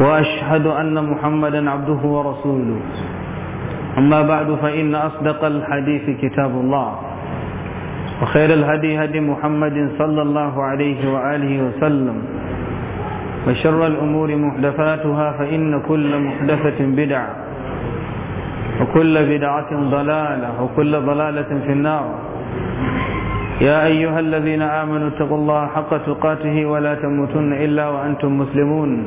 وأشهد أن محمدا عبده ورسوله أما بعد فإن أصدق الحديث كتاب الله وخير الهدي هدي محمد صلى الله عليه وآله وسلم وشر الأمور محدثاتها فإن كل محدثة بدعة وكل بدعة ضلالة وكل ضلالة في النار يا أيها الذين آمنوا اتقوا الله حق تقاته ولا تموتن إلا وأنتم مسلمون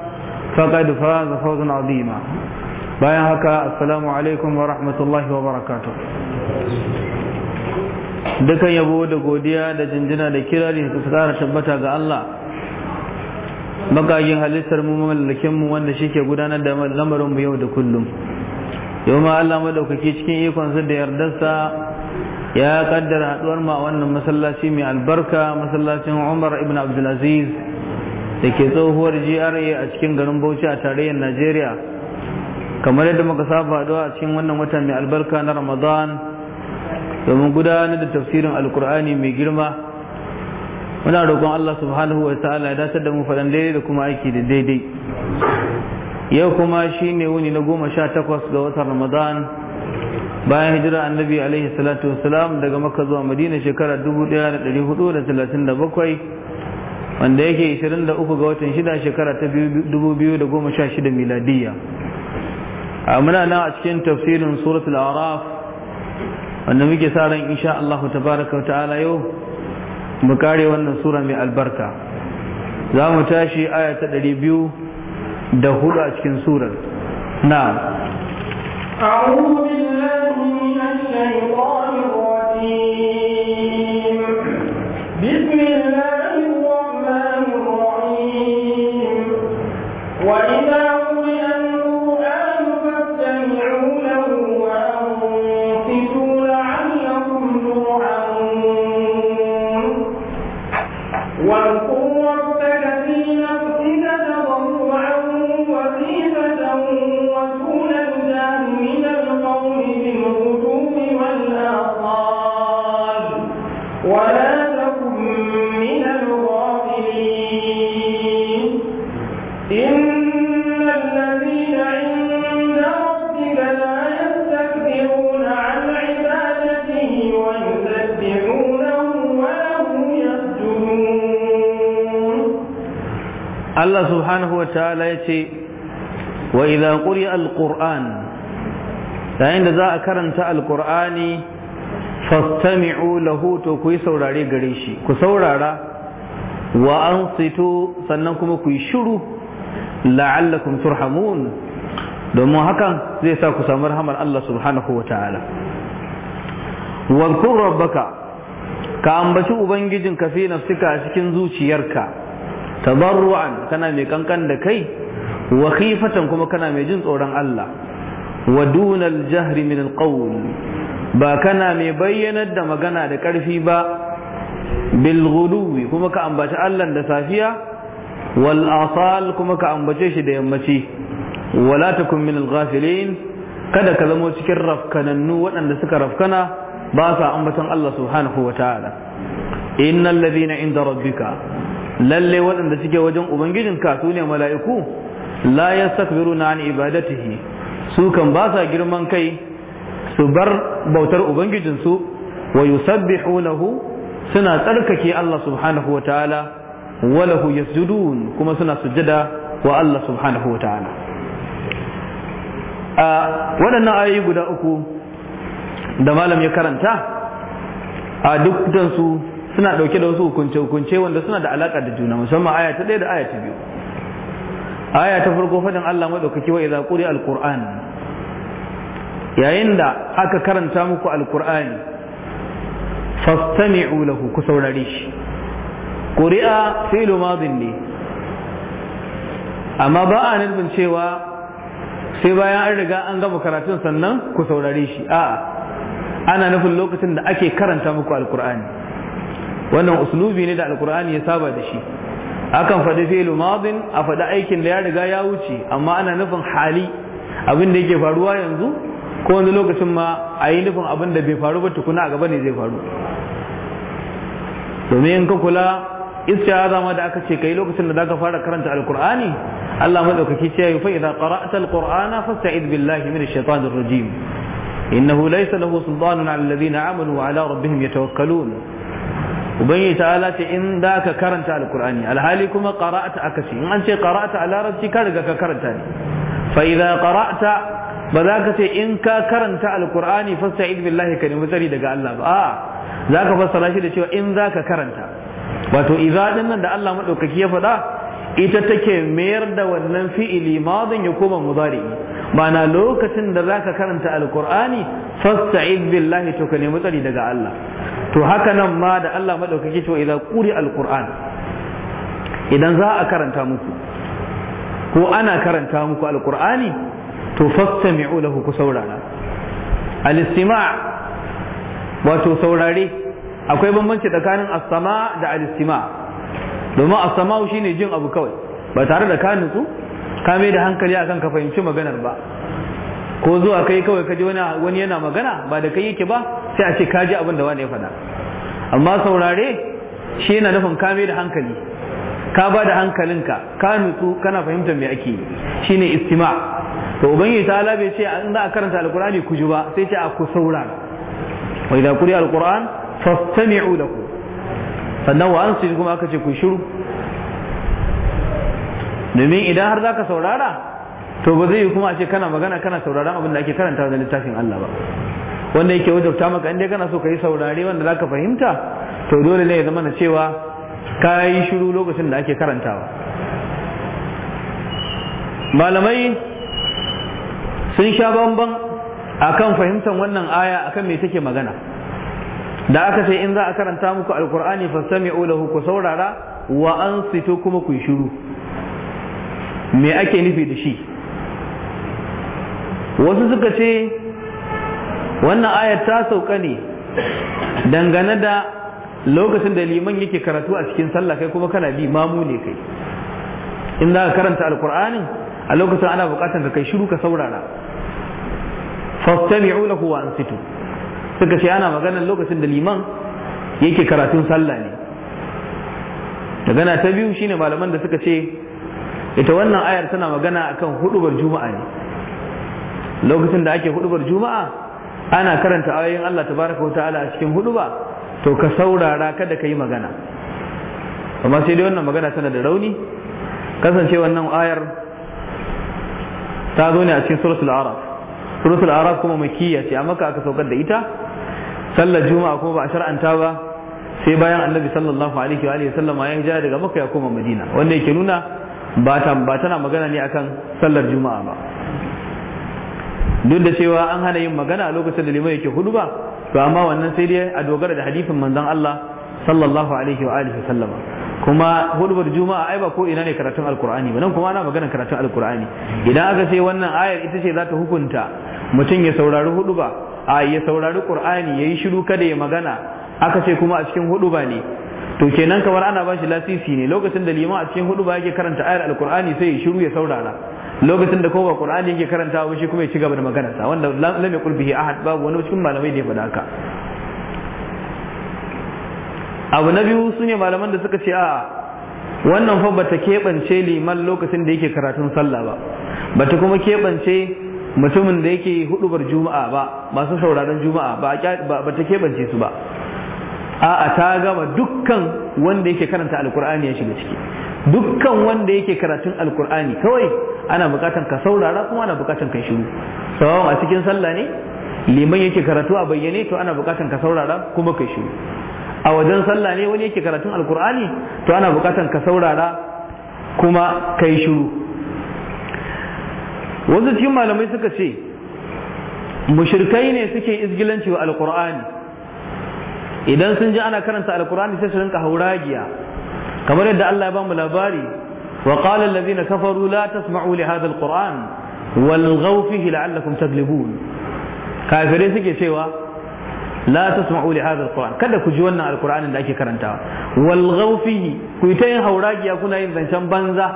faqad azima bayan haka assalamu alaikum wa rahmatullahi wa barakatuh dukan yabo da godiya da jinjina da kirari su tsara tabbata ga Allah bakagin halittar mu mallakin mu wanda shike gudanar da lamarin mu yau da kullum yau ma Allah madaukaki cikin ikon sa da yardarsa ya kaddara haduwar ma wannan masallaci mai albarka masallacin Umar ibn Abdul Aziz da ke tsohuwar GRA a cikin garin Bauchi a tarayyar Najeriya kamar yadda muka saba a cikin wannan watan mai albarka na Ramadan domin gudanar da tafsirin Alkur'ani mai girma muna roƙon Allah subhanahu wa ta'ala ya dace da mu faɗan daidai da kuma aiki da daidai yau kuma shi ne wuni na goma sha takwas ga watan Ramadan bayan hijira annabi alaihi salatu wasalam daga makka zuwa madina shekara bakwai. wanda yake 23 ga watan 6 shekara ta 2016 miladiyya muna nan a cikin tafsirin suratul araf wanda muke sa ran insha Allah tabaraka wa ta'ala yau mu kare wannan sura mai albarka za mu tashi aya ta 200 da hudu a cikin surar na'am أعوذ بالله من الشيطان الرجيم Allah subhanahu wa ta'ala ya ce wa idza quri'a alquran yayin da za a karanta alqur'ani fastami'u lahu to ku saurare gare shi ku saurara wa ansitu sannan kuma ku yi shiru la'allakum turhamun domin hakan zai sa ku samu rahamar Allah subhanahu wa ta'ala wa rabbaka ka ambaci ubangijinka fi nafsika cikin zuciyarka tabarru'an kana mai kankan da kai wa khifatan kuma kana mai jin tsoron Allah wa dunal jahri min alqawl ba kana mai bayyanar da magana da ƙarfi ba bil ghuluwi kuma ka ambaci Allah da safiya wal asal kuma ka ambace shi da yammaci wala takun min al kada ka zamo cikin rafkanannu waɗanda suka rafkana ba sa ambaton Allah subhanahu wa ta'ala innal ladina inda rabbika lalle waɗanda suke wajen ubangijinka su ne mala'iku la na an ibadatihi su kan ba sa girman kai su bar bautar ubangijinsu wa hunahu suna tsarkake Allah subhanahu wataala wa lahu yasjudun kuma suna sujjada wa Allah subhanahu taala. a waɗannan ayoyi guda uku da malam ya karanta a duk su suna ɗauke da wasu hukunce-hukunce wanda suna da alaƙa da juna musamman aya ta ɗaya da aya ta biyu aya ta farko fadin Allah maɗaukaki wa idza quri alquran yayin da aka karanta muku alqur'ani fastami'u lahu ku saurare shi quri'a fi'lu madin ne amma ba a nufin cewa sai bayan an riga an gama karatun sannan ku saurare shi a'a ana nufin lokacin da ake karanta muku alqur'ani wannan uslubi ne da alkur'ani ya saba da shi akan faɗi fi'lu madin a faɗi aikin da ya riga ya wuce amma ana nufin hali abin da yake faruwa yanzu ko wani lokacin ma a yi nufin abin da bai faru ba tukuna a gaba ne zai faru domin in ka kula ya zama da aka ce kai lokacin da zaka fara karanta alkur'ani Allah madaukaki ce fa idza qara'ta alqur'ana fasta'id billahi minash shaitanir rajim innahu laysa lahu sultanun 'ala alladhina amanu wa 'ala rabbihim yatawakkalun ubangiji ta'ala ce in da ka karanta alkur'ani alhali kuma qara'ata akasi in an ce qara'ata a larabci ka riga ka karanta ne fa idza qara'ta ba za ka ce in ka karanta alkur'ani fasta'id billahi ka nemi tsari daga Allah ba a za ka fassara shi da cewa in za ka karanta wato idza din nan da Allah madaukaki ya faɗa ita take mayar da wannan fi'ili madin ya koma mudari'i ma'ana lokacin da zaka karanta alqur'ani fasta'id billahi to ka nemi tsari daga Allah to haka nan ma da Allah madaukaki to idan quri alqur'an idan za a karanta muku ko ana karanta muku alqur'ani to fastami'u lahu ku saurara al-istima' wato saurare akwai bambanci tsakanin as-sama' da al-istima' domin as-sama' shine jin abu kawai ba tare da ka nutsu ka mai da hankali akan ka fahimci maganar ba ko zuwa kai kawai ka ji wani yana magana ba da kai yake ba sai a ce ka ji abin da wani ya faɗa amma saurare shi yana nufin ka mai da hankali ka ba da hankalinka ka nutsu kana fahimtar me ake Shi ne istima to ubangiji ta ala ce in za a karanta alkur'ani ku ji ba sai ce a ku saurara wa idza quriya alquran fastami'u lahu sannan wa yi kuma aka ce ku shiru domin idan har zaka saurara to ba zai yi kuma a ce kana magana kana sauraron abin da ake karanta da littafin Allah ba wanda yake wajabta maka inda kana so ka yi saurare wanda ka fahimta to dole ne ya zama na cewa ka yi shiru lokacin da ake karantawa malamai sun sha bamban kan fahimtar wannan aya akan me take magana da aka ce in za a karanta muku alkur'ani fastami'u lahu ku saurara wa ansitu kuma ku shiru me ake nufi da shi wasu suka ce wannan ayar ta sauka ne dangane da lokacin da liman yake karatu a cikin sallah kai kuma kana bi mamu ne kai in za ka karanta alkur'ani a lokacin ana bukatar ka kai shiru ka saurara fastami'u lahu wa ansitu suka ce ana maganar lokacin da liman yake karatun sallah ne magana ta biyu shine malaman da suka ce ita wannan ayar tana magana akan hudubar juma'a ne lokacin da ake hudubar juma'a ana karanta ayoyin Allah tabaraka wa ta'ala a cikin huduba to ka saurara kada ka yi magana amma sai dai wannan magana tana da rauni kasance wannan ayar ta zo ne a cikin suratul araf suratul araf kuma makiyya ce amma ka aka saukar da ita sallar juma'a kuma ba a shar'anta ba sai bayan annabi sallallahu alaihi wa sallam ya hijira daga makka ya koma madina wanda yake nuna ba tana magana ne akan sallar juma'a ba duk da cewa an hana yin magana a lokacin da liman yake hudu ba to amma wannan sai dai a dogara da hadisin manzon Allah sallallahu alaihi wa alihi sallama kuma hudubar juma'a ai ba ko ina ne karatun alqur'ani ba nan kuma ana magana karatun alqur'ani idan aka ce wannan ayar ita ce za ta hukunta mutum ya saurari huduba a ya saurari qur'ani yayi shiru kada ya magana aka ce kuma a cikin huduba ne to kenan kamar ana ba shi lasisi ne lokacin da liman a cikin hudu ba yake karanta ayar alkur'ani sai ya shiru ya saurara lokacin da kuma ba qur'ani yake karanta ba shi kuma ya ci gaba da magana sa wanda lam yakul bihi ahad babu wani cikin malamai da ya faɗa haka abu na biyu su ne malaman da suka ce a wannan fa bata keɓance liman lokacin da yake karatun sallah ba bata kuma keɓance mutumin da yake hudubar juma'a ba masu sauraron juma'a ba bata keɓance su ba a'a ta gama dukkan wanda yake karanta alkur'ani ya shiga ciki dukkan wanda yake karatun alkur'ani kawai ana bukatan ka saurara kuma ana bukatan ka shiru sawawan a cikin sallah ne liman yake karatu a bayyane to ana bukatan ka saurara kuma ka shiru a wajen sallah ne wani yake karatun alkur'ani to ana bukatan ka saurara kuma ka shiru wasu cikin malamai suka ce mushrikai ne suke izgilanci wa alkur'ani idan sun ji ana karanta alkur'ani sai su rinka hauragiya kamar yadda Allah ya bamu labari wa qala allazina kafaru la tasma'u li hadha alquran wal ghaw fihi la'allakum taglibun kafirai suke cewa la tasma'u li hadha alquran kada ku ji wannan alqur'anin da ake karantawa wal ghaw fihi ku yi ta yin hauragiya kuna yin zancen banza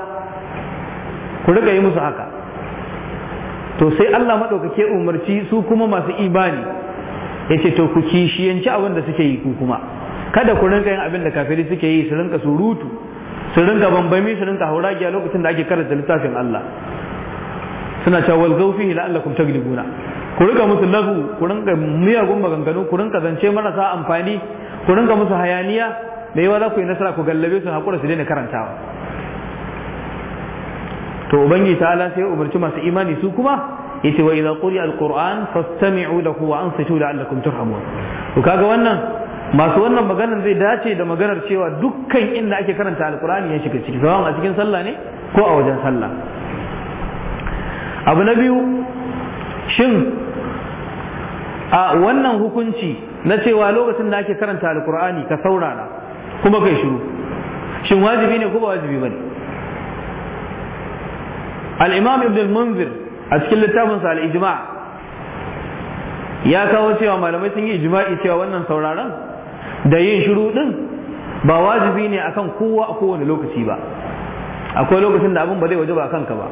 ku riga yi musu haka to sai Allah madaukake umarci su kuma masu imani ya ce to ku kishiyanci abin da suke yi ku kuma kada ku rinka yin abin da kafiri suke yi su rinka surutu su rinka bambami su rinka hauragiya lokacin da ake karanta littafin Allah suna cewa wal gaufi allakum taglibuna ku rinka musu lafu ku rinka miyagun maganganu ku rinka zance marasa amfani ku rinka musu hayaniya da yawa za ku yi nasara ku gallabe su hakura su daina karantawa to ubangi ta'ala sai umarci masu imani su kuma yace wa idza quri'a alquran fastami'u lahu wa ansitu la'allakum turhamun to kaga wannan masu wannan maganar zai dace da maganar cewa dukkan inda ake karanta alqurani ya shiga ciki sawan a cikin sallah ne ko a wajen sallah abu na biyu shin a wannan hukunci na cewa lokacin da ake karanta alqurani ka saurara kuma kai shiru shin wajibi ne ko ba wajibi bane al-imam ibn al-munzir a cikin littafin sa al-ijma ya kawo cewa malamai sun yi ijma'i cewa wannan sauraron da yin shiru din ba wajibi ne akan kowa a kowane lokaci ba akwai lokacin da abin ba zai wajaba kanka ba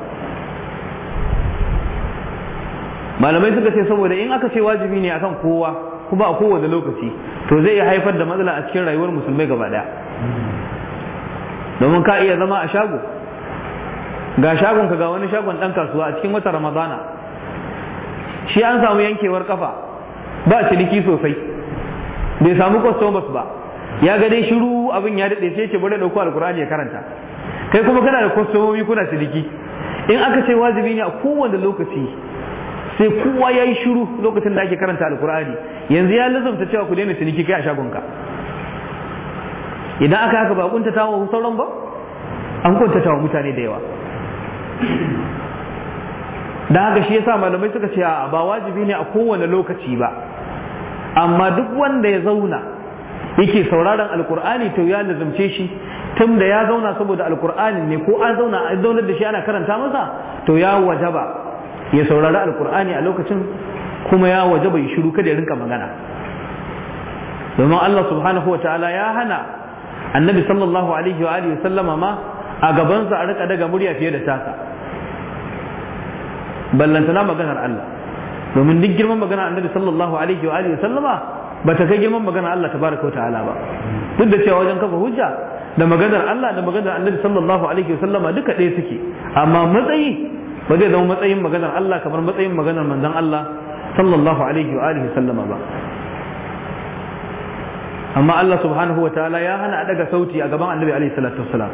malamai suka ce saboda in aka ce wajibi ne akan kowa kuma a kowane lokaci to zai iya haifar da matsala a cikin rayuwar musulmai gaba daya domin ka iya zama a shago ga shagon ka ga wani shagon dan kasuwa a cikin wata ramadana shi an samu yankewar kafa ba ciniki sosai bai samu customers ba ya ga dai shiru abin ya daɗe sai ce bari dauko alkur'ani ya karanta kai kuma kana da kwastomomi kuna ciniki in aka ce wajibi ne a kowane lokaci sai kowa ya yi shiru lokacin da ake karanta alkur'ani yanzu ya lazumta cewa ku daina ciniki kai a shagonka idan aka haka ba kuntata wa sauran ba an kuntata wa mutane da yawa da haka shi yasa malamai suka ce ba wajibi ne a kowane lokaci ba amma duk wanda ya zauna yake sauraron alkur'ani to ya lazumce shi tun da ya zauna saboda alkur'ani ne ko an zauna a zaunar da shi ana karanta masa to ya wajaba ya saurari alkur'ani a lokacin kuma ya wajaba ya shiru kada ya rinka magana domin Allah subhanahu wa ta'ala ya hana annabi sallallahu alaihi wa alihi sallama ma a gabansa a rika daga murya fiye da tasa ballantana maganar Allah domin duk girman magana annabi sallallahu alaihi wa alihi sallama ta kai girman magana Allah tabaraka ta'ala ba duk da cewa wajen kafa hujja da maganar Allah da maganar annabi sallallahu alaihi wa sallama duka ɗaya suke amma matsayi ba zai zama matsayin maganar Allah kamar matsayin maganar manzon Allah sallallahu alaihi wa alihi sallama ba amma Allah subhanahu wa ta'ala ya hana a daga sauti a gaban annabi alaihi salatu wassalam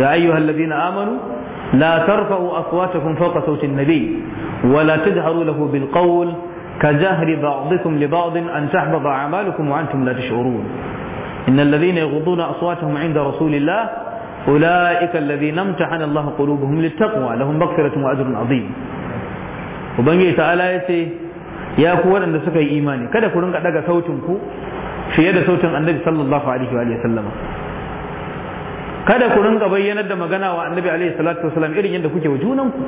ya ayyuhal ladina amanu لا ترفعوا أصواتكم فوق صوت النبي ولا تجهروا له بالقول كجهر بعضكم لبعض أن تحبط أعمالكم وأنتم لا تشعرون إن الذين يغضون أصواتهم عند رسول الله أولئك الذين امتحن الله قلوبهم للتقوى لهم مغفرة وأجر عظيم وبنجي تعالى يتي يا أخوان أن سكي إيماني كذا كلهم قد صوتكم في يد da النبي صلى الله عليه وآله وسلم kada ku rinka bayyanar da magana wa annabi alaihi salatu wasalam irin yadda kuke wa junanku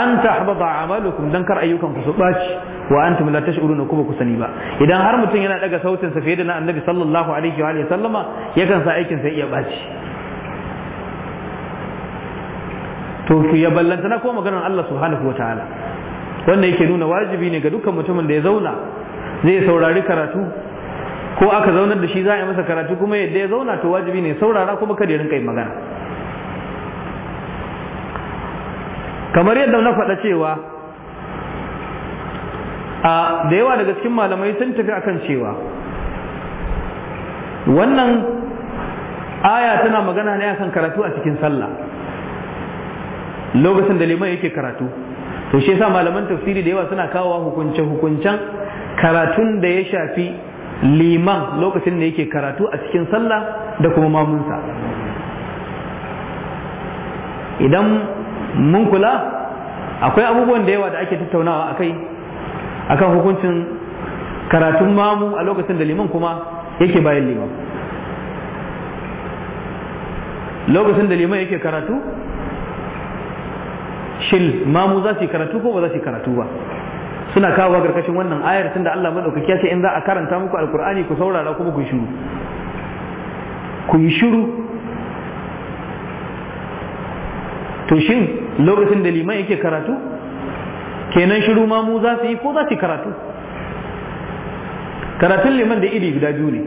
an tahbata amalukum dan kar ayyukan ku su baci wa antum la tash'uruna kuma ku sani ba idan har mutum yana daga sautin sa fiye da na annabi sallallahu alaihi wa sallama yakan sa aikin sa iya baci to ku ya ballanta na ko maganar Allah subhanahu wa wannan yake nuna wajibi ne ga dukkan mutumin da ya zauna zai saurari karatu ko aka zaunar da shi za a yi masa karatu kuma yadda ya zauna to wajibi ne saurara kuma kada ya rinka yin magana kamar yadda na faɗa cewa a da yawa daga cikin malamai sun tafi akan cewa wannan aya tana magana ne akan karatu a cikin sallah lokacin da liman yake karatu to shi yasa malaman tafsiri da yawa suna kawo hukunce hukuncen karatun da ya shafi liman lokacin da yake karatu a cikin sallah da kuma mamunsa idan mun kula akwai abubuwan da yawa da ake tattaunawa a kai akan hukuncin karatun mamu a lokacin da liman kuma yake bayan liman lokacin da liman yake karatu shil mamu za su yi karatu ko ba za su yi karatu ba suna kawo garkashin wannan ayar tun da Allah madaukaki ya ce in za a karanta muku alkur'ani ku saurara kuma ku shiru ku yi shiru to shin lokacin da liman yake karatu kenan shiru ma mu za su yi ko za su karatu karatun liman da iri guda biyu ne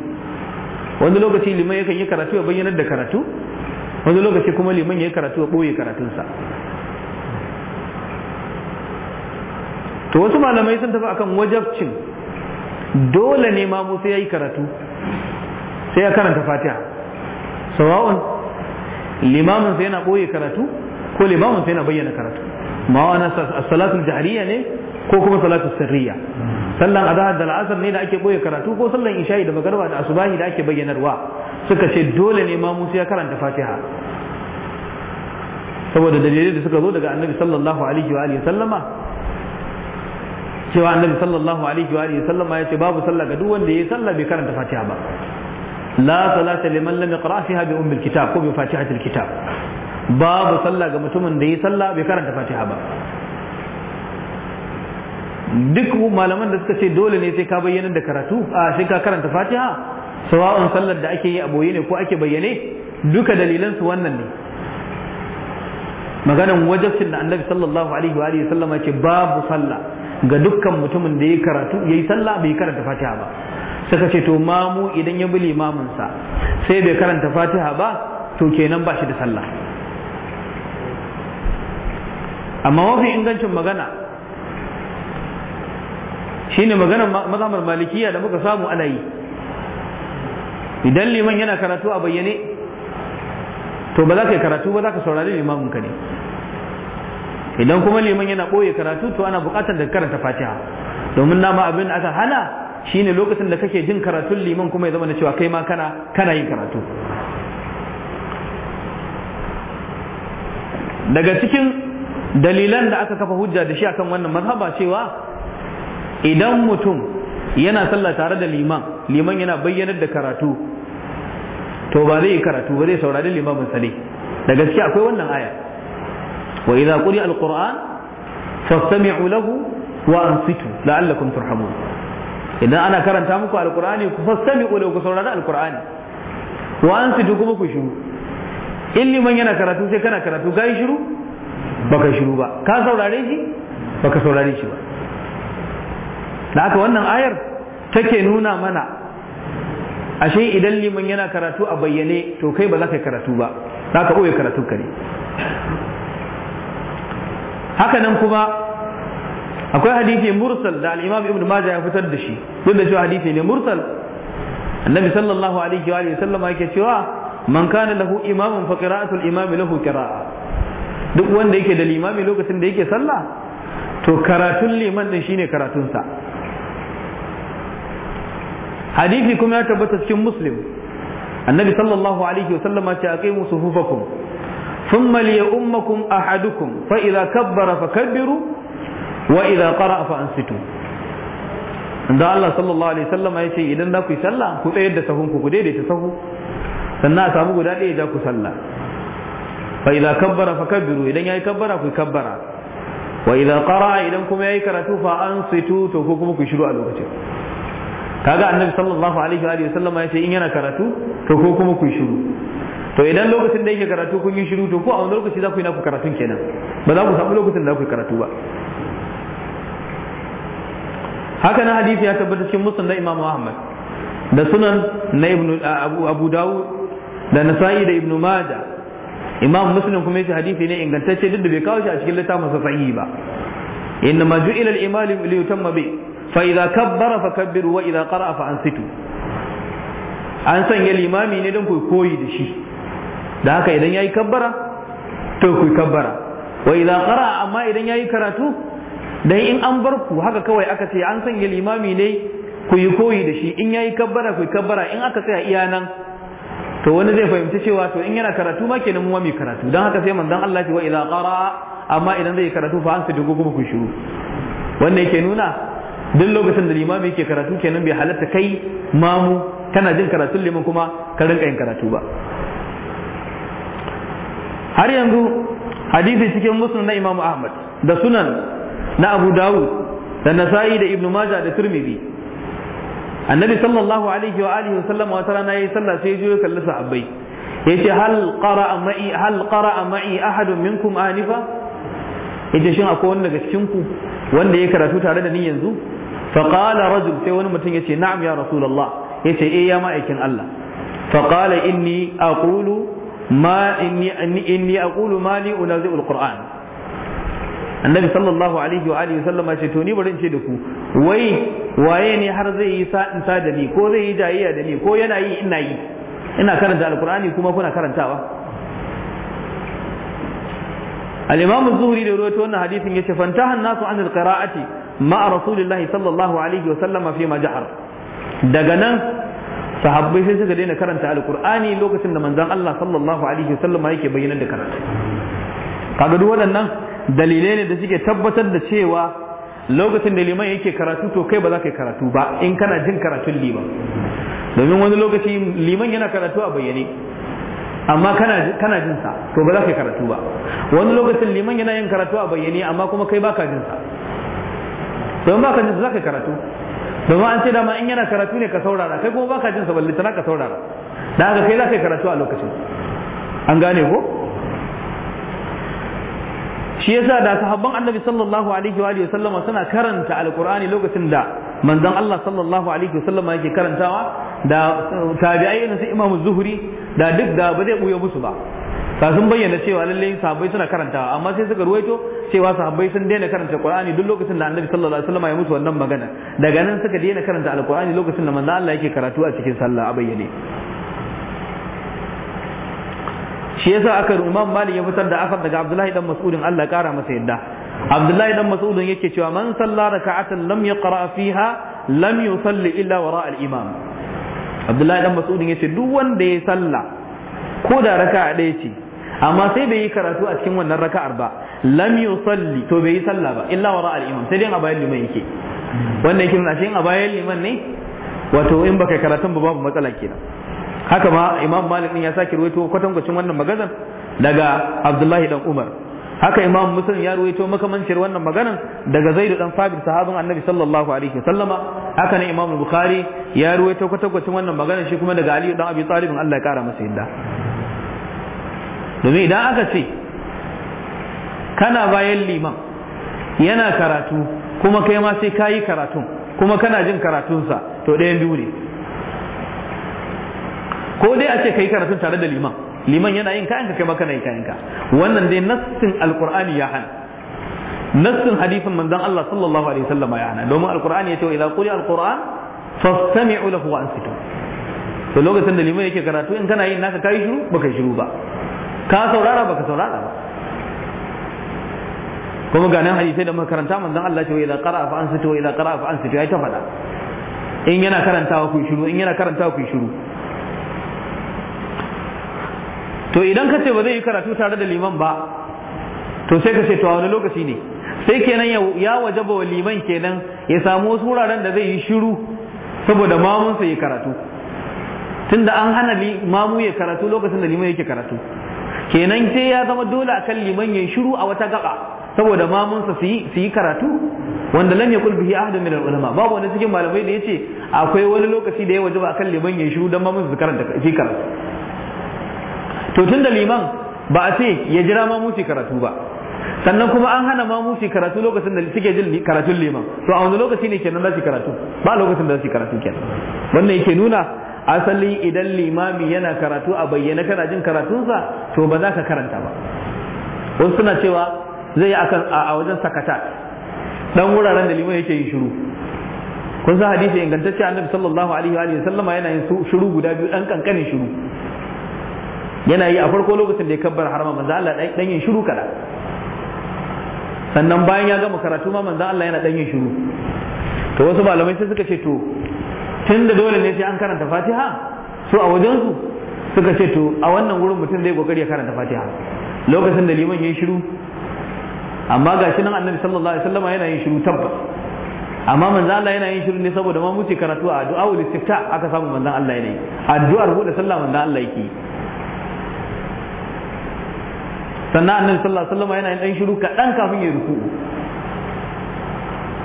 wani lokaci liman yakan yi karatu ya bayyanar da karatu wani lokaci kuma liman ya yi karatu ya ɓoye karatunsa to wasu malamai sun tafi akan wajabcin dole ne ma musa ya yi karatu sai ya karanta fatiha sawa'un limamin sai yana ɓoye karatu ko limamin sai yana bayyana karatu ma'ana salatul jahiliya ne ko kuma salatul sirriya sallan azhar da al'asar ne da ake boye karatu ko sallan isha'i da magarba da asubahi da ake bayyanarwa suka ce dole ne ma musa ya karanta fatiha saboda dalilai da suka zo daga annabi sallallahu alaihi wa alihi sallama cewa annabi sallallahu alaihi wa sallama ya ce babu sallah ga duk wanda ya sallah bai karanta fatiha ba la salata liman lam yaqra fiha bi ummil kitab ko bi fatihatil kitab babu sallah ga mutumin da ya sallah bai karanta fatiha ba duk malaman da suka ce dole ne sai ka bayyana da karatu a sai ka karanta fatiha sawa'un sallar da ake yi a boye ne ko ake bayyane duka dalilan su wannan ne maganan wajabcin da annabi sallallahu alaihi wa sallama ce babu sallah ga dukkan mutumin da ya karatu ya yi sallah bai karanta fatiha ba suka ce to mamu idan ya bi limamin sai bai karanta fatiha ba to kenan ba shi da sallah amma mafi ingancin magana shine maganar mazamar malikiya da muka samu ana yi idan liman yana karatu a bayyane to ba za ka yi karatu ba za ka saurari limamin ka ne idan kuma liman yana ɓoye karatu to ana buƙatar da karanta fatiha domin nama abin aka hana shine lokacin da kake jin karatun liman kuma ya zama da cewa kai ma kana kana yin karatu daga cikin dalilan da aka kafa hujja da shi akan wannan mazhaba cewa idan mutum yana sallah tare da liman liman yana bayyanar da karatu to ba zai yi karatu ba zai saurari limamin sale da gaskiya akwai wannan aya wa idza quri alquran fastami'u lahu wa idan ana karanta muku alqur'ani ku fastami'u lahu ku saurari alqur'ani wa ansitu kuma ku shiru in liman karatu sai kana karatu shiru baka shiru ba ka saurare shi baka saurare shi ba da haka wannan ayar take nuna mana ashe idan liman yana karatu a bayyane to kai ba za ka yi karatu ba za ka ɓoye karatu ka ne haka nan kuma akwai hadisi mursal da al-imam ibn majah ya fitar da shi duk da cewa hadisi ne mursal annabi sallallahu alaihi wa alihi sallama yake cewa man kana lahu imamun fa qira'atul imam lahu qira'a duk wanda yake da limami lokacin da yake sallah to karatun liman din shine karatun sa. hadisi kuma ya tabbata cikin muslim annabi sallallahu alaihi wa sallama ce aqimu sufufakum ثم ليؤمكم أحدكم فإذا كبر فكبروا وإذا قرأ فأنصتوا da Allah sallallahu alaihi wasallam ya ce idan za ku yi sallah ku tsayar da sahunku sahu sannan a samu guda ɗaya ja ku sallah fa idza kabbara fa kabbiru idan yayi kabbara ku kabbara wa idza qara idan kuma yayi karatu fa ansitu to ko kuma ku shiru a lokacin kaga annabi sallallahu alaihi wa sallama ce in yana karatu to ko kuma shiru to idan lokacin da yake karatu kun yi shiru to ko a wani lokaci za ku yi naku karatun kenan ba za ku samu lokacin da za ku yi karatu ba haka na hadisi ya tabbata cikin musulun na imam ahmad da sunan na abu dawud da nasa'i da ibn majah imam muslim kuma yace hadisi ne ingantacce duk da bai kawo shi a cikin littafin sa sahihi ba inna ma ju'ila al-imal li yutamma bi fa idza kabbara kabbir wa idza qara'a fa ansitu an sanya limami ne don ku koyi da shi da haka idan yayi kabbara to ku kabbara wa idan qara amma idan yayi karatu dan in an bar ku haka kawai aka ce an sanya limami ne ku yi koyi da shi in yayi kabbara ku kabbara in aka tsaya iya nan to wani zai fahimci cewa to in yana karatu ma kenan mu mai karatu dan haka sai manzon Allah ya wa amma idan zai karatu fa an su dugu kuma ku shiru wannan ke nuna duk lokacin da limami yake karatu kenan bai halatta kai mamu kana jin karatun liman kuma ka rinka yin karatu ba har yanzu hadisi cikin muslim na imamu ahmad da sunan na abu dawud da nasa'i da ibnu maja da tirmidhi annabi sallallahu alaihi wa alihi wasallam wata rana yayi sallah sai ya kalli sahabbai yace hal qara'a ma'i hal qara'a ma'i ahadun minkum anifa yace shin akwai wanda daga cikin ku wanda ya karatu tare da ni yanzu fa qala sai wani mutum ce na'am ya rasulullah yace eh ya ma'aikin Allah fa qala a kulu. ma inni aqulu ma li unazil alquran annabi sallallahu alaihi wa sallam ya ce to ni bari in ce da ku wai waye ne har zai yi sa'in sa da ni ko zai yi jayayya da ni ko yana yi ina yi ina karanta alqur'ani kuma kuna karantawa al-imam az-zuhri da rawaito wannan hadisin yace fantahan nasu an ma'a rasulillahi sallallahu alaihi wa daga nan sahabbai sai suka daina karanta alkur'ani lokacin da manzon Allah sallallahu alaihi wasallam yake bayyana da karatu kaga duk waɗannan dalilai ne da suke tabbatar da cewa lokacin da liman yake karatu to kai ba za ka yi karatu ba in kana jin karatun liman domin wani lokaci liman yana karatu a bayyane amma kana jin sa to ba za ka yi karatu ba wani lokacin liman yana yin karatu a bayyane amma kuma kai baka jin sa don ka jin za ka yi karatu domin an ce dama in yana karatu ne ka saurara kai kuma baka jin sa balle tana ka saurara da haka kai za ka yi karatu a lokacin an gane ko shi yasa da sahabban annabi sallallahu alaihi wa alihi sallama suna karanta alqur'ani lokacin da manzon Allah sallallahu alaihi wa sallama yake karantawa da tabi'ai na sai imamu zuhri da duk da ba zai buya musu ba Ka sun bayyana cewa lalle sahabbai suna karantawa amma sai suka ruwaito cewa sahabbai sun daina karanta Qur'ani duk lokacin da Annabi sallallahu alaihi wasallam ya mutu wannan magana daga nan suka daina karanta Al-Qur'ani lokacin da manzo Allah yake karatu a cikin sallah a bayyane shi yasa aka Imam Malik ya fitar da afar daga Abdullahi dan Mas'udin Allah kara masa yadda Abdullahi dan Mas'udin yake cewa man salla raka'atan lam yaqra fiha lam yusalli illa wara al-imam Abdullahi dan Mas'udin yace duk wanda ya salla ko da raka'a ɗaya ce amma sai bai yi karatu a cikin wannan raka'ar ba lam yusalli to bai yi sallah ba illa wara al imam sai dai a bayan liman yake wannan yake nuna a bayan liman ne wato in baka karatun ba babu matsala kenan haka ma imam malik din ya sake ruwaito kwatankwacin wannan magana daga abdullahi dan umar haka imam muslim ya ruwaito makamancin wannan magana daga zaidu dan fabir sahabin annabi sallallahu alaihi wasallama haka ne imam bukhari ya ruwaito kwatankwacin wannan magana shi kuma daga aliyu dan abi talib Allah ya kara masa yadda domin idan aka ce kana bayan liman yana karatu kuma kai ma sai ka yi karatun kuma kana jin karatunsa to ɗayan biyu ne ko dai a ce ka yi karatun tare da liman liman yana yin kayanka kai ma kana yin kayanka wannan dai nassin alkur'ani ya hana nassin hadisin manzon Allah sallallahu alaihi wasallam ya hana domin alkur'ani ya ce idza quri alquran fastami'u lahu wa ansitu to lokacin da liman yake karatu in kana yin naka kai shiru baka shiru ba ka saurara baka saurara ba kuma ga nan hadisai da muka karanta manzon Allah ce Idan idza qara'a fa ansitu wa idza qara'a fa ansitu ai ta faɗa in yana karantawa ku shiru in yana karantawa ku shiru to idan ka ce ba zai yi karatu tare da liman ba to sai ka ce to a wani lokaci ne sai kenan ya wajaba wa liman kenan ya samu wasu wuraren da zai yi shiru saboda mamunsa ya karatu tunda an hana mamu ya karatu lokacin da liman yake karatu kenan sai ya zama dole akan liman ya shiru a wata gaba saboda mamunsa su yi su yi karatu wanda lam yakul bihi ahadun min ulama babu wani cikin malamai da yace akwai wani lokaci da ya wajaba akan liman ya shiru dan mamunsa su karanta shi karatu to tunda liman ba a ce ya jira mamusi karatu ba sannan kuma an hana mamusi karatu lokacin da suke jin karatun liman to a wani lokaci ne kenan za su karatu ba lokacin da za su karatu kenan wannan yake nuna asali idan limami yana karatu a bayyana kana jin karatunsa to ba za ka karanta ba wasu suna cewa zai yi a wajen sakata dan wuraren da limami yake yin shiru kun san hadisi ingantacce annabi sallallahu alaihi wa sallama yana yin shiru guda biyu dan kankanin shiru yana yi a farko lokacin da ya kabbar harama manzo Allah dan yin shiru kada sannan bayan ya gama karatu ma manzo Allah yana dan yin shiru to wasu malamai sai suka ce to Tunda dole ne sai an karanta fatiha su a wajensu suka ce to a wannan wurin mutum zai kokari ya karanta fatiha lokacin da liman yin shiru amma ga shi nan annabi sallallahu alaihi wasallam yana yin shiru tabbas amma manzo Allah yana yin shiru ne saboda ma muke karatu a addu'a ul istifta aka samu manzo Allah yana yi addu'ar buɗe sallah manzo Allah yake sannan annabi sallallahu alaihi wasallam yana yin shiru kaɗan kafin ya ruku'u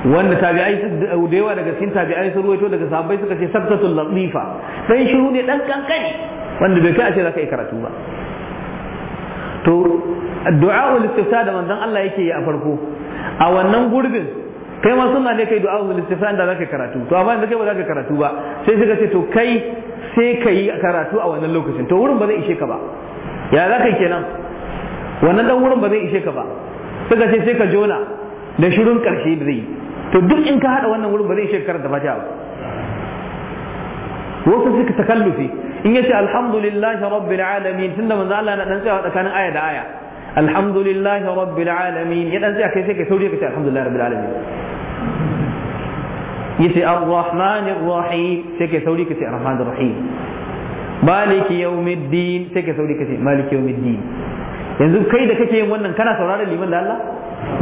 wanda tabi'ai da yawa daga cikin tabi'ai sun ruwaito daga sahabbai suka ce sabtatul latifa sai shiru ne dan kankani wanda bai kai a ce zaka yi karatu ba to du'a'ul istifta da manzon Allah yake yi a farko a wannan gurbin kai ma sunna ne kai du'a'ul istifta da zaka karatu to amma yanzu kai ba zaka karatu ba sai suka ce to kai sai ka yi karatu a wannan lokacin to wurin ba zai ishe ka ba ya zaka kenan wannan dan wurin ba zai ishe ka ba suka ce sai ka jona da shirin karshe da zai to duk in ka hada wannan wurin ba zai ishe karanta fatiha ba wasu suka takallufi in yace alhamdulillahi rabbil alamin tunda manzo Allah na dan tsayawa tsakanin aya da aya alhamdulillahi rabbil alamin ya dan tsaya kai sai kai sauri ka ce alhamdulillahi rabbil alamin yace arrahmanir rahim sai kai sauri ka arrahmanir rahim maliki yawmiddin sai kai sauri ka ce maliki yawmiddin yanzu kai da kake yin wannan kana sauraron liman da Allah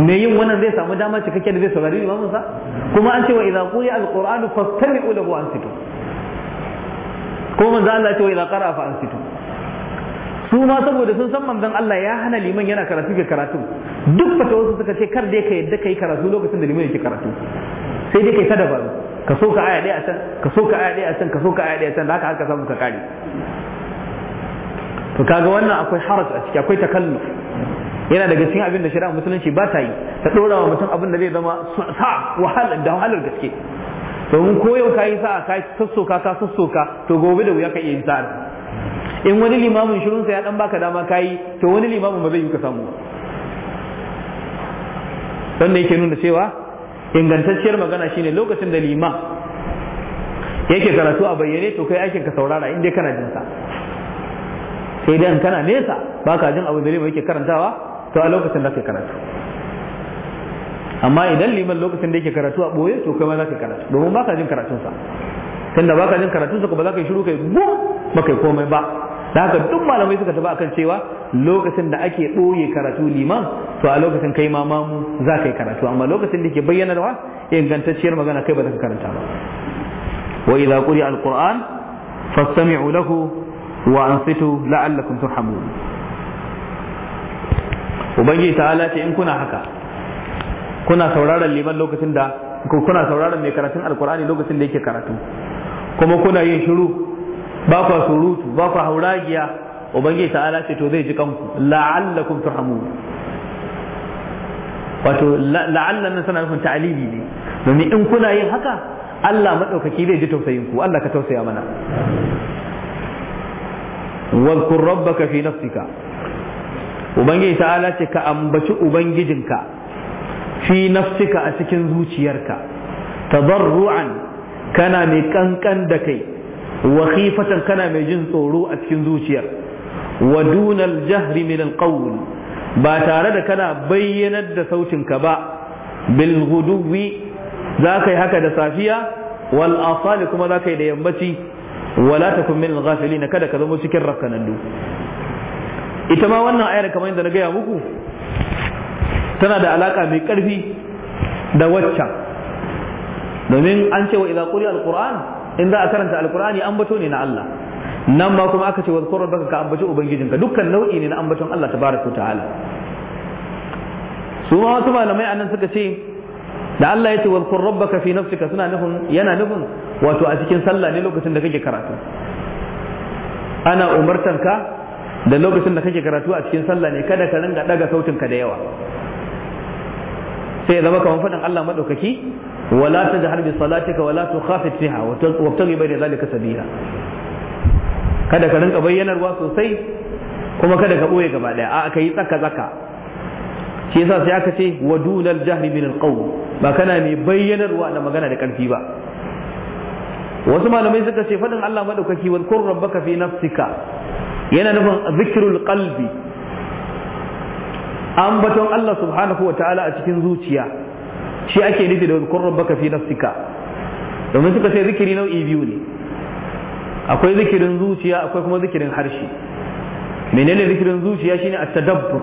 me yin wannan zai samu dama cikakke da zai saurari imamin sa kuma an ce wa idza quriya alqur'anu fastami'u lahu ansitu kuma manzo Allah ce wa idza qara'a fa ansitu su ma saboda sun san manzon Allah ya hana liman yana karatu ga karatu duk fata wasu suka ce kar dai ka yadda kai karatu lokacin da liman yake karatu sai dai kai ta dabaru ka so ka aya a can ka so ka aya a can ka so ka aya a can da haka haka samu ka kare to kaga wannan akwai haraj a ciki akwai takalluf yana daga cikin abin da shari'a musulunci ba ta yi ta dora wa mutum abin da zai zama sa wahalar da wahalar gaske domin ko yau ka yi sa'a ka sassoka ka sassoka to gobe da wuya ka iya yin sa'a in wani limamin shirinsa ya dan baka dama kayi to wani limamin ba zai yi ka samu sannan yake nuna cewa ingantacciyar magana shine lokacin da lima yake karatu a bayyane to kai aikin ka saurara in dai kana jin sa sai dan kana nesa baka jin abu da yake karantawa to a lokacin za ka karatu amma idan liman lokacin da yake karatu a ɓoye to kai ma za ka karatu domin ba ka jin karatunsa tunda ba ka jin karatunsa ba za ka yi shiru kai bu ba kai komai ba da haka duk malamai suka taba akan cewa lokacin da ake ɓoye karatu liman to a lokacin kai ma mamu za ka yi karatu amma lokacin da ke bayyanarwa ingantacciyar magana kai ba za ka karanta ba wa idza quri al-qur'an fastami'u lahu wa ansitu la'allakum turhamun ubangiji ta'ala ce in kuna haka kuna sauraron liman lokacin da kuna sauraron mai karatun alkur'ani lokacin da yake karatu kuma kuna yin shiru ba kwa surutu ba kwa hauragiya ubangiji ta'ala ce to zai ji kanku la'allakum turhamun wato la'allan nan suna nufin ta'alili ne domin in kuna yin haka Allah maɗaukaki zai ji tausayin ku Allah ka tausaya mana واذكر ربك في نفسك ubangiji ala ce ka ambaci ubangijinka fi nafsika a cikin zuciyarka tadarru'an kana mai kankan da kai wa khifatan kana mai jin tsoro a cikin zuciyar wa dunal jahri min alqawl ba tare da kana bayyanar da sautinka ba bil ghuduwi za ka yi haka da safiya wal asali kuma za ka yi da yammaci wala takun min al kada ka zama cikin rakkanandu ita ma wannan ayar kamar yadda na gaya muku tana da alaka mai karfi da waccan domin an ce wa idza quri alquran in za a karanta alqurani an bato ne na Allah nan ma kuma aka ce wa zkur rabbaka ka ambaci ubangijinka dukkan nau'i ne na ambaton Allah ta tabaraka ta'ala su ma wasu malamai anan suka ce da Allah ya ce wa zkur rabbaka fi nafsika suna nufin yana nufin wato a cikin sallah ne lokacin da kake karatu ana umartanka da lokacin da kake karatu a cikin sallah ne kada ka ringa daga sautin ka da yawa sai zama kamar faɗin Allah madaukaki wala ta jahar bi salatika wala tukhafit fiha wa tabtaghi bayna zalika sabila kada ka rinka bayyanarwa sosai kuma kada ka boye gaba daya a ka yi tsaka tsaka shi yasa sai aka ce wa dunal jahri min alqawl ba kana mai bayyanarwa da magana da karfi ba wasu malamai suka ce faɗin Allah madaukaki wa qur rabbaka fi nafsika yana nufin zikirul qalbi ambaton Allah subhanahu wa ta'ala a cikin zuciya shi ake nufi da zikr rabbaka fi nafsika domin suka ce zikiri nau'i biyu ne akwai zikirin zuciya akwai kuma zikirin harshe menene zikirin zuciya shine at-tadabbur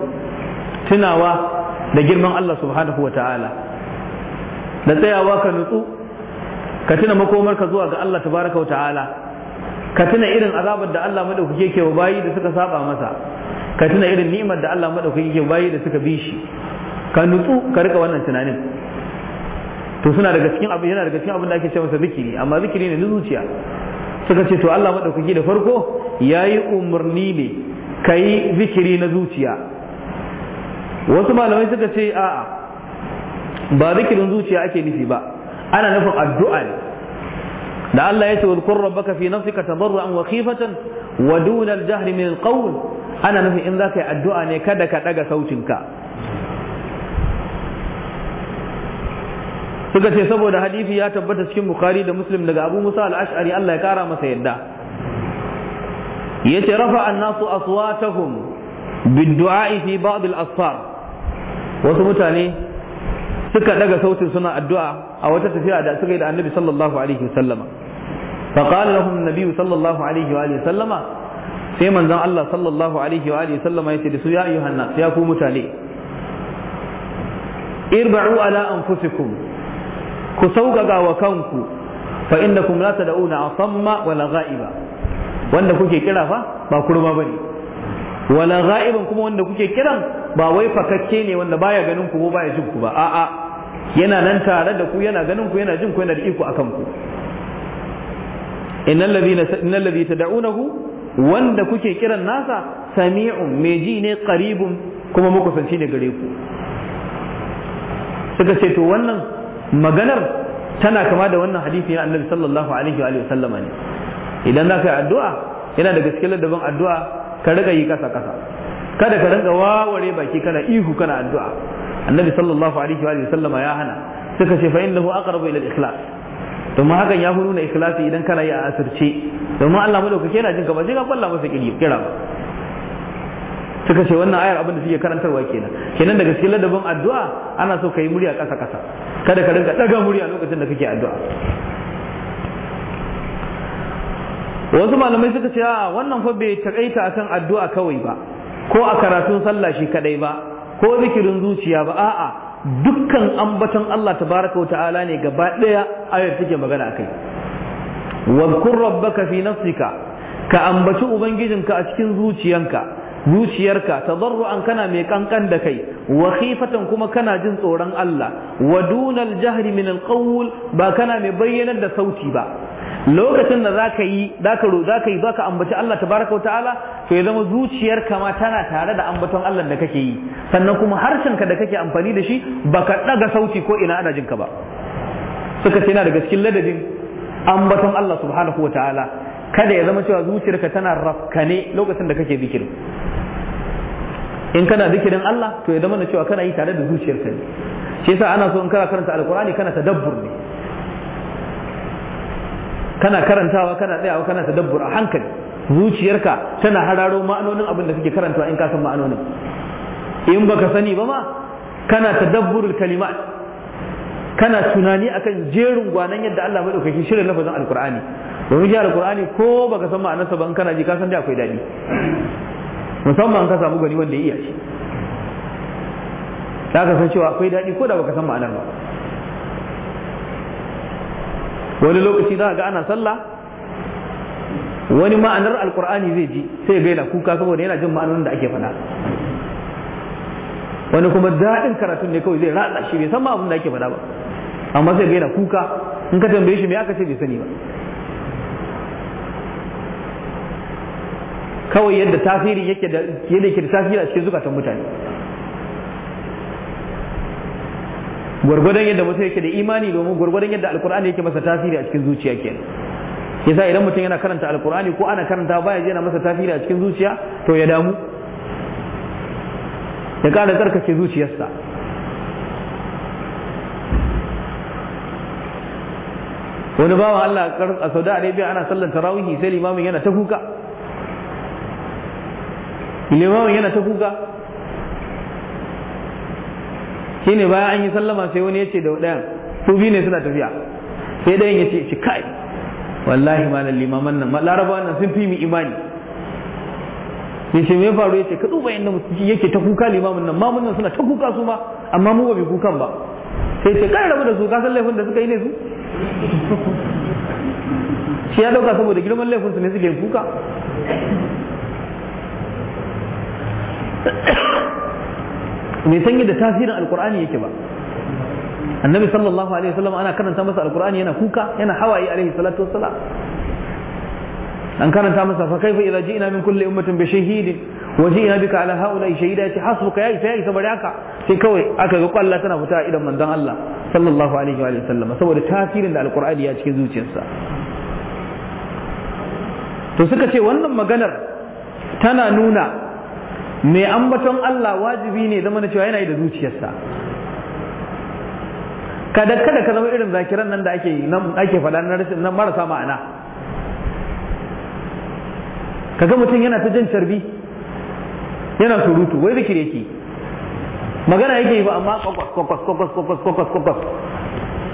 tunawa da girman Allah subhanahu wa ta'ala da tsayawa ka nutsu ka tuna makomarka zuwa ga Allah tabaraka wa ta'ala ka tuna irin azabar da Allah madaukake ke bayi da suka saba masa ka tuna irin ni'imar da Allah madaukake ke bayi da suka bi shi ka nutsu ka rika wannan tunanin to suna daga cikin abin yana daga cikin abin da ake ce masa zikiri amma zikiri ne na zuciya suka ce to Allah madaukake da farko yayi umarni ne kai zikiri na zuciya wasu malamai suka ce a'a ba zikirin zuciya ake nufi ba ana nufin addu'a ne da Allah ya ce ulkur rabbaka fi nafsika tadarruan wa khifatan wa dun jahri min al ana nufin in zaka yi addu'a ne kada ka daga sautinka suka ce saboda hadisi ya tabbata cikin bukhari da muslim daga abu musa al-ash'ari Allah ya kara masa yadda ce rafa an-nasu aswatahum bid-du'a fi ba'd al-asfar wasu mutane suka daga sautin suna addu'a a wata tafiya da suka yi da annabi sallallahu alaihi wasallama فقال لهم النبي صلى الله عليه وآله وسلم sai manzon Allah sallallahu alaihi wa alihi sallama yace da su ya ayyuhan nas ya ku mutane irba'u ala anfusikum ku sauƙaƙa wa kanku fa innakum la tad'una asamma wala ghaiba wanda kuke kira fa ba kurma bane wala ghaiban kuma wanda kuke kiran ba wai fakakke ne wanda baya ganin ku ko baya jin ku ba a'a yana nan tare da ku yana ganin ku yana jin ku yana da iko akan ku innal ladhina innal ladhi tad'unahu wanda kuke kiran nasa sami'un mai ji ne qaribun kuma makusanci ne gare ku suka ce to wannan maganar tana kama da wannan hadisi na annabi sallallahu alaihi wa sallama ne idan za ka yi addu'a yana da gaske ladabin addu'a ka riga yi kasa kasa kada ka rinka waware baki kana ihu kana addu'a annabi sallallahu alaihi wa sallama ya hana suka ce fa innahu aqrabu ila al-ikhlas domin hakan ya fi nuna ikhlasi idan kana yi a asirce domin Allah madaukake yana jin ka ba sai ka kwalla masa kira ba suka ce wannan ayar abin da suke karantarwa kenan kenan daga cikin ladabin addu'a ana so ka yi murya ƙasa ƙasa kada ka rinka ɗaga murya lokacin da kake addu'a wasu malamai suka ce a wannan fa bai takaita akan addu'a kawai ba ko a karatun sallah shi kadai ba ko zikirin zuciya ba a'a dukkan ambaton Allah tabaraka wa ta'ala ne gaba daya ayar take magana akai wadhkur rabbaka fi nafsika ka ambaci ubangijinka a cikin zuciyanka zuciyarka tadarruan kana mai kankan da kai wa khifatan kuma kana jin tsoron Allah wa dunal jahri min alqawl ba kana mai bayyanar da sauti ba lokacin da za ka yi za ka za ka yi za ka ambaci Allah tabaraka ta'ala to ya zama zuciyar kama tana tare da ambaton Allah da kake yi sannan kuma harshenka da kake amfani da shi baka daga sauti ko ina ana jinka ba suka ce yana daga cikin ladabin ambaton Allah subhanahu ta'ala kada ya zama cewa zuciyarka tana rafkane lokacin da kake zikirin in kana zikirin Allah to ya zama cewa kana yi tare da zuciyarka ne shi yasa ana so in kana karanta alkurani kana tadabbur ne kana karantawa kana tsayawa kana tadabbur a hankali zuciyarka tana hararo ma'anonin abin da kake karantawa in ka san ma'anonin in baka sani ba ma kana tadabburul kalimat kana tunani akan jerin gwanan yadda Allah madaukaki shirin lafazin alqur'ani domin shi alqur'ani ko baka san ma'anarsa ba in kana ji ka san da akwai dadi musamman ka samu gani wanda ya iya shi za ka san cewa akwai daɗi ko da baka san ma'anar ba wani lokaci za ga ana sallah wani ma'anar alkur'ani zai ji sai bai na kuka saboda yana jin ma'anar da ake faɗa wani kuma daɗin karatun ne kawai zai ratsa shi bai san ma abin da ake faɗa ba amma sai bai na kuka in ka tambaye shi me aka ce bai sani ba kawai yadda tasiri yake da yadda yake da tasiri a cikin zukatan mutane gwargwadon yadda mutum yake da imani domin gwargwadon yadda alkur'ani yake masa tasiri a cikin zuciya Ya yasa idan mutum yana karanta alkur'ani ko ana karanta baya yana masa tasiri a cikin zuciya to ya damu ya ƙara tsarkake zuciyarsa wani bawa Allah a Saudi Arabia ana sallan tarawihi sai limamin yana ta kuka limamin yana ta kuka shine bayan an yi sallama sai wani ya ce da ɗayan su biyu ne suna tafiya sai ɗayan ya ce ci kai wallahi ma nan limaman nan larabawa nan sun fi mi imani ya ce me faru ya ce ka duba yadda yake ta kuka limamin nan mamun nan suna ta kuka su ma amma mu ba bi kukan ba sai ce kai rabu da su ka san laifin da suka yi ne su shi ya dauka saboda girman laifin su ne suke kuka bai san yadda tasirin alkur'ani yake ba annabi sallallahu alaihi wasallam ana karanta masa alkur'ani yana kuka yana hawaye alaihi salatu wassalam an karanta masa fa kaifa idza ji'na min kulli ummatin bi shahidin wa ji'na bika ala haula'i shahida yace hasbuka ya isa ya isa sai kawai aka ga kwalla tana fita idan manzon Allah sallallahu alaihi wa sallam saboda tasirin da alkur'ani ya cikin zuciyarsa to suka ce wannan maganar tana nuna mai ambaton Allah wajibi ne zama na cewa yana yi da zuciyarsa kada kada ka zama irin zakiran nan da ake nan ake faɗa na rashin nan marasa ma'ana kaga mutum yana ta jin carbi yana surutu wai zikiri yake magana yake yi ba amma kwakwas kwakwas kwakwas kwakwas kwakwas kwakwas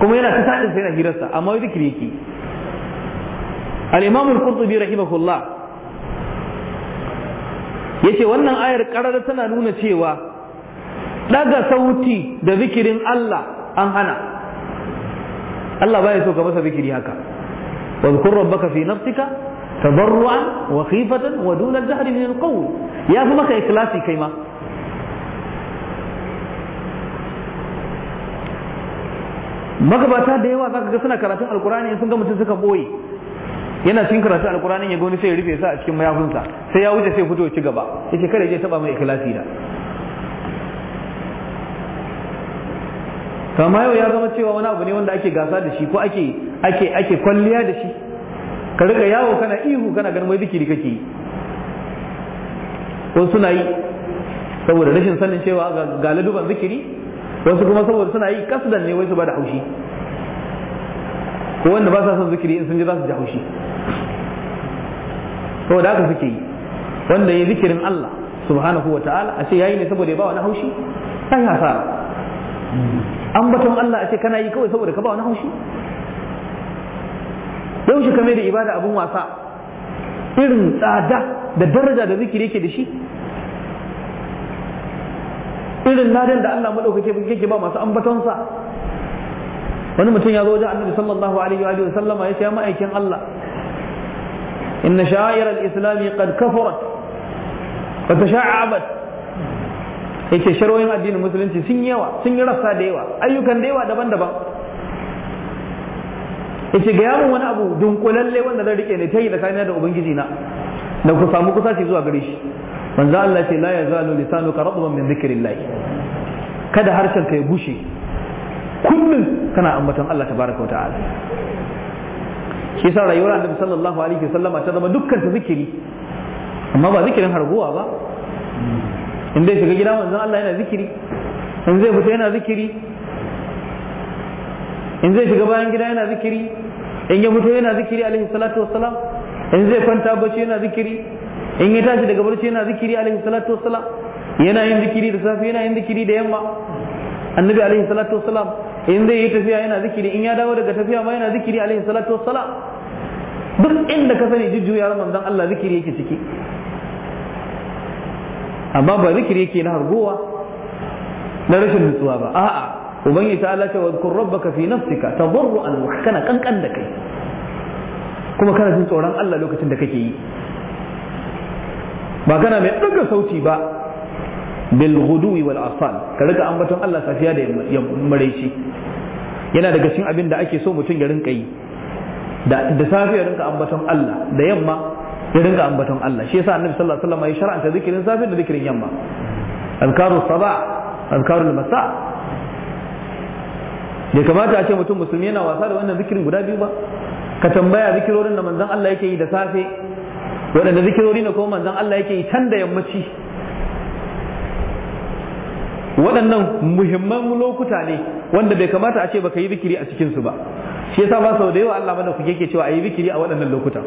kuma yana ta sadin sai na hirarsa amma wai zikiri yake al-imam al-qurtubi rahimahullah yace wannan ayar karar tana nuna cewa daga sauti da zikirin Allah an hana Allah baya so ka masa zikiri haka Wa khifatan wa في al تضرعا min al-qawl ya القول maka ikhlasi kai ma. magabata da yawa zaka ga suna karatun alkurani sun ga mutum suka boye yana cikin karatu alkur'anin ya gani sai ya rufe sa a cikin mayafinsa sai ya wuce sai fito ci gaba yace kada ya taba mai ikhlasi da kama yau ya zama cewa wani abu ne wanda ake gasa da shi ko ake ake ake kwalliya da shi ka riga yawo kana ihu kana ganin wai zikiri kake yi wasu suna yi saboda rashin sanin cewa ga laduban zikiri wasu kuma saboda suna yi kasdan ne wai su ba da haushi ko wanda ba sa son zikiri in sun ji za su ji haushi saboda haka suke yi wanda ya zikirin Allah subhanahu wata'ala a ce yayi ne saboda ya ba wani haushi sai hasara ambaton Allah a ce kana yi kawai saboda ka ba wani haushi yau shi kame da ibada abun wasa irin tsada da daraja da zikiri yake da shi irin ladan da Allah maɗaukake yake ba masu ambatonsa wani mutum ya zo wajen annabi sallallahu alaihi wa sallama ya ce ya ma'aikin Allah inna sha'ir al-islami qad kafarat wa tasha'abat yace sharoyin addinin musulunci sun yawa sun yi rassa da yawa ayyukan da yawa daban-daban yace ga yamin wani abu dunkulalle wanda zan rike ne ta yi da kaina da ubangiji na da ku samu kusaci zuwa gare shi manzo Allah ce la yazalu lisanuka radban min dhikrillah kada harshen ka ya bushe kullum kana ambaton Allah tabaraka wata'ala shi yasa rayuwar annabi sallallahu alaihi wasallama ta zama dukkan ta zikiri amma ba zikirin harguwa ba in dai shiga gida manzon Allah yana zikiri in zai fita yana zikiri in zai shiga bayan gida yana zikiri in ya fito yana zikiri alaihi salatu wassalam in zai kwanta bacci yana zikiri in ya tashi daga barci yana zikiri alaihi salatu wassalam yana yin zikiri da safe yana yin zikiri da yamma annabi alaihi salatu wassalam in zai yi tafiya yana zikiri in ya dawo daga tafiya ma yana zikiri alaihi salatu wassalam duk inda ka sani jujjuyar manzon Allah zikiri yake ciki amma ba zikiri yake na hargowa na rashin nutsuwa ba a'a ubangi ta Allah ce wa rabbaka fi nafsika tadarruan wa kana kankan da kai kuma kana jin tsoron Allah lokacin da kake yi ba kana mai ɗaga sauti ba bil ghuduwi wal asal ka riga ambaton Allah safiya da maraici yana daga cikin abin da ake so mutum ya rinka yi da safe ya rinka ambaton Allah da yamma ya rinka ambaton Allah shi yasa annabi sallallahu alaihi wasallam ya shar'anta zikirin safe da zikirin yamma azkaru sabah azkaru masa bai kamata a ce mutum musulmi yana wasa da wannan zikirin guda biyu ba ka tambaya zikirorin da manzon Allah yake yi da safe waɗanda zikirori ne kuma manzon Allah yake yi can da yammaci waɗannan muhimman lokuta ne wanda bai kamata a ce baka yi zikiri a cikinsu ba shi yasa ba sau da yawa Allah mana kuke ke cewa yi zikiri a waɗannan lokuta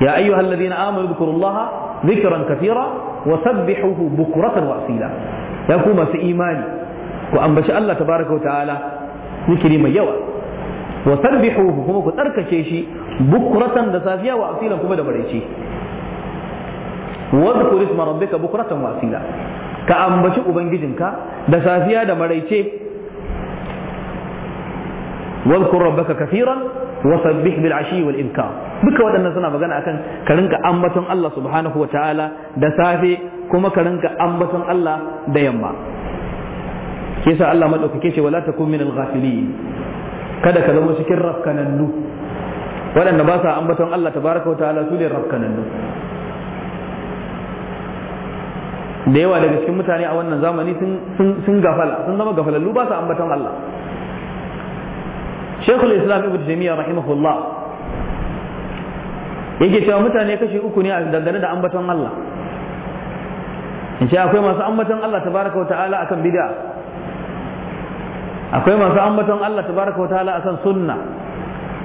ya ayyuhal ladina amanu dhkurullaha dhikran kathira wa sabbihuhu bukratan wa asila ya ku masu imani ku ambaci Allah tabaraka wa ta'ala zikiri mai yawa wa sabbihuhu kuma ku tsarkake shi bukratan da safiya wa asila kuma da bareci wadhkur isma rabbika bukratan wa asila ka ambaci ubangijinka da safiya da maraice wadhkur rabbaka kathiran wa sabbih bil ashi wal ibkar duka waɗannan suna magana akan ka rinka ambaton Allah subhanahu wa ta'ala da safe kuma ka rinka ambaton Allah da yamma yasa Allah madaukake ce wala takun minal ghafilin kada ka zama cikin rafkanannu waɗanda ba sa ambaton Allah tabaraka wa ta'ala su ne rafkanannu da yawa daga cikin mutane a wannan zamani sun gafala sun zama gafalallu ba su ambaton Allah Sheikhul Islam Ibn Taymiyyah rahimahullah yake cewa mutane kashi uku ne a dangane da ambaton Allah in ce akwai masu ambaton Allah tabaraka wa ta'ala akan bid'a akwai masu ambaton Allah tabaraka wa ta'ala akan sunna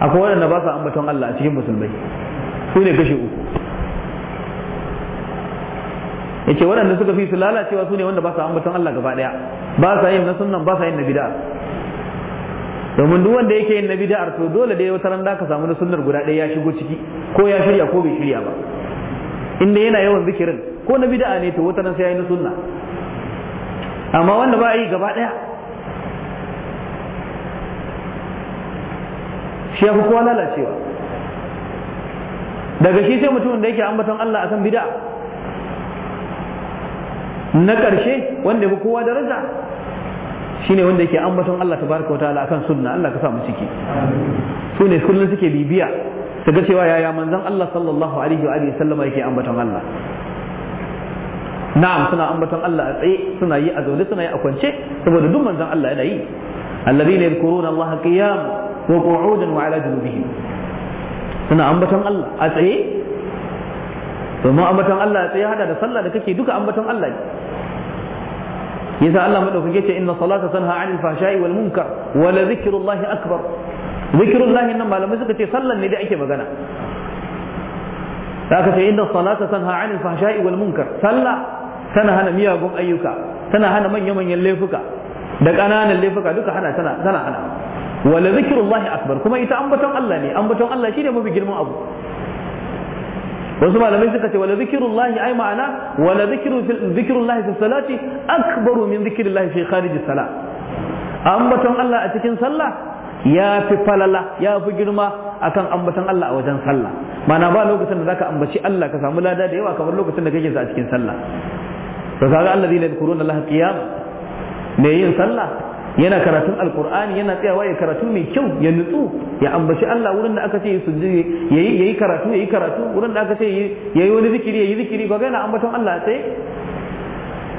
akwai waɗanda ba su ambaton Allah a cikin musulmai su ne kashi uku yace waɗanda suka fi su lalacewa su ne wanda ba su ambaton Allah gaba daya ba sa yin na sunnan ba sa yin na bid'a domin duk wanda yake yin na bid'a to dole dai wata ran da ka samu na sunnar guda ɗaya ya shigo ciki ko ya shirya ko bai shirya ba inda yana yawan zikirin ko na bid'a ne to wata ran sai ya yi na sunna amma wanda ba yi gaba ɗaya shi ya fi kowa lalacewa daga shi sai mutumin da yake ambaton Allah akan bid'a na ƙarshe wanda ya kowa daraja ne wanda yake ambaton Allah tabaraka wa ta'ala akan sunna Allah ka samu ciki su ne kullum suke bibiya su ga cewa yaya manzon Allah sallallahu alaihi wa sallama yake ambaton Allah na'am suna ambaton Allah a tsaye suna yi a zaune suna yi a kwance saboda duk manzan Allah yana yi alladhina yadhkuruna Allah qiyam wa qu'udan wa ala junubihim suna ambaton Allah a tsaye domin ambaton Allah ya tsaye hada da sallah da kake duka ambaton Allah ne yasa Allah madaukake ce inna salata tanha 'anil fahsha'i wal munkar wa la dhikrullahi akbar dhikrullahi nan malamai suka ce sallan ne da ake magana da aka sai inna salata tanha 'anil fahsha'i wal munkar sallah tana hana miyagun ayyuka tana hana manya-manyan laifuka da ƙananan laifuka duka hana tana tana hana wala dhikrullahi akbar kuma ita ambaton Allah ne ambaton Allah shine mafi girman abu wasu malamai suka ce wala zikirullahi ai ma'ana wala zikirullahi fi salati akbaru min zikirillahi fi kharij salat ambaton Allah a cikin sallah ya fi falala ya fi girma akan ambaton Allah a wajen sallah Ma'ana ba lokacin da zaka ambaci Allah ka samu lada da yawa kamar lokacin da kake a cikin sallah to kaga alladhina yadhkuruna Allah qiyam me yin sallah yana karatun alkur'ani yana tsayawa ya karatu mai kyau ya nutsu ya ambaci Allah wurin da aka ce ya yi karatu ya yi karatu wurin da aka ce ya yi wani zikiri ya yi zikiri ba yana ambaton Allah sai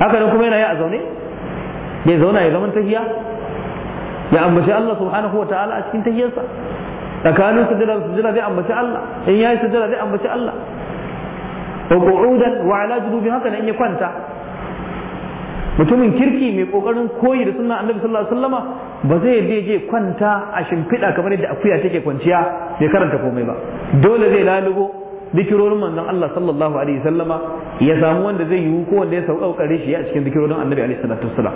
haka nan kuma yana yi a zaune bai zauna ya zaman tahiya ya ambaci Allah subhanahu wa ta'ala a cikin tahiyarsa tsakanin sujjada sujjada zai ambaci Allah in yayi sujjada zai ambaci Allah wa qu'udan wa ala junubi haka nan in ya kwanta mutumin kirki mai kokarin koyi da sunan annabi sallallahu alaihi wasallama ba zai je je kwanta a shimfiɗa kamar yadda akuya take kwanciya bai karanta komai ba dole zai lalubo dikirorin manzon Allah sallallahu alaihi wasallama ya samu wanda zai yiwu ko wanda ya sauƙaƙare shi a cikin dikirorin annabi alaihi salatu wasallam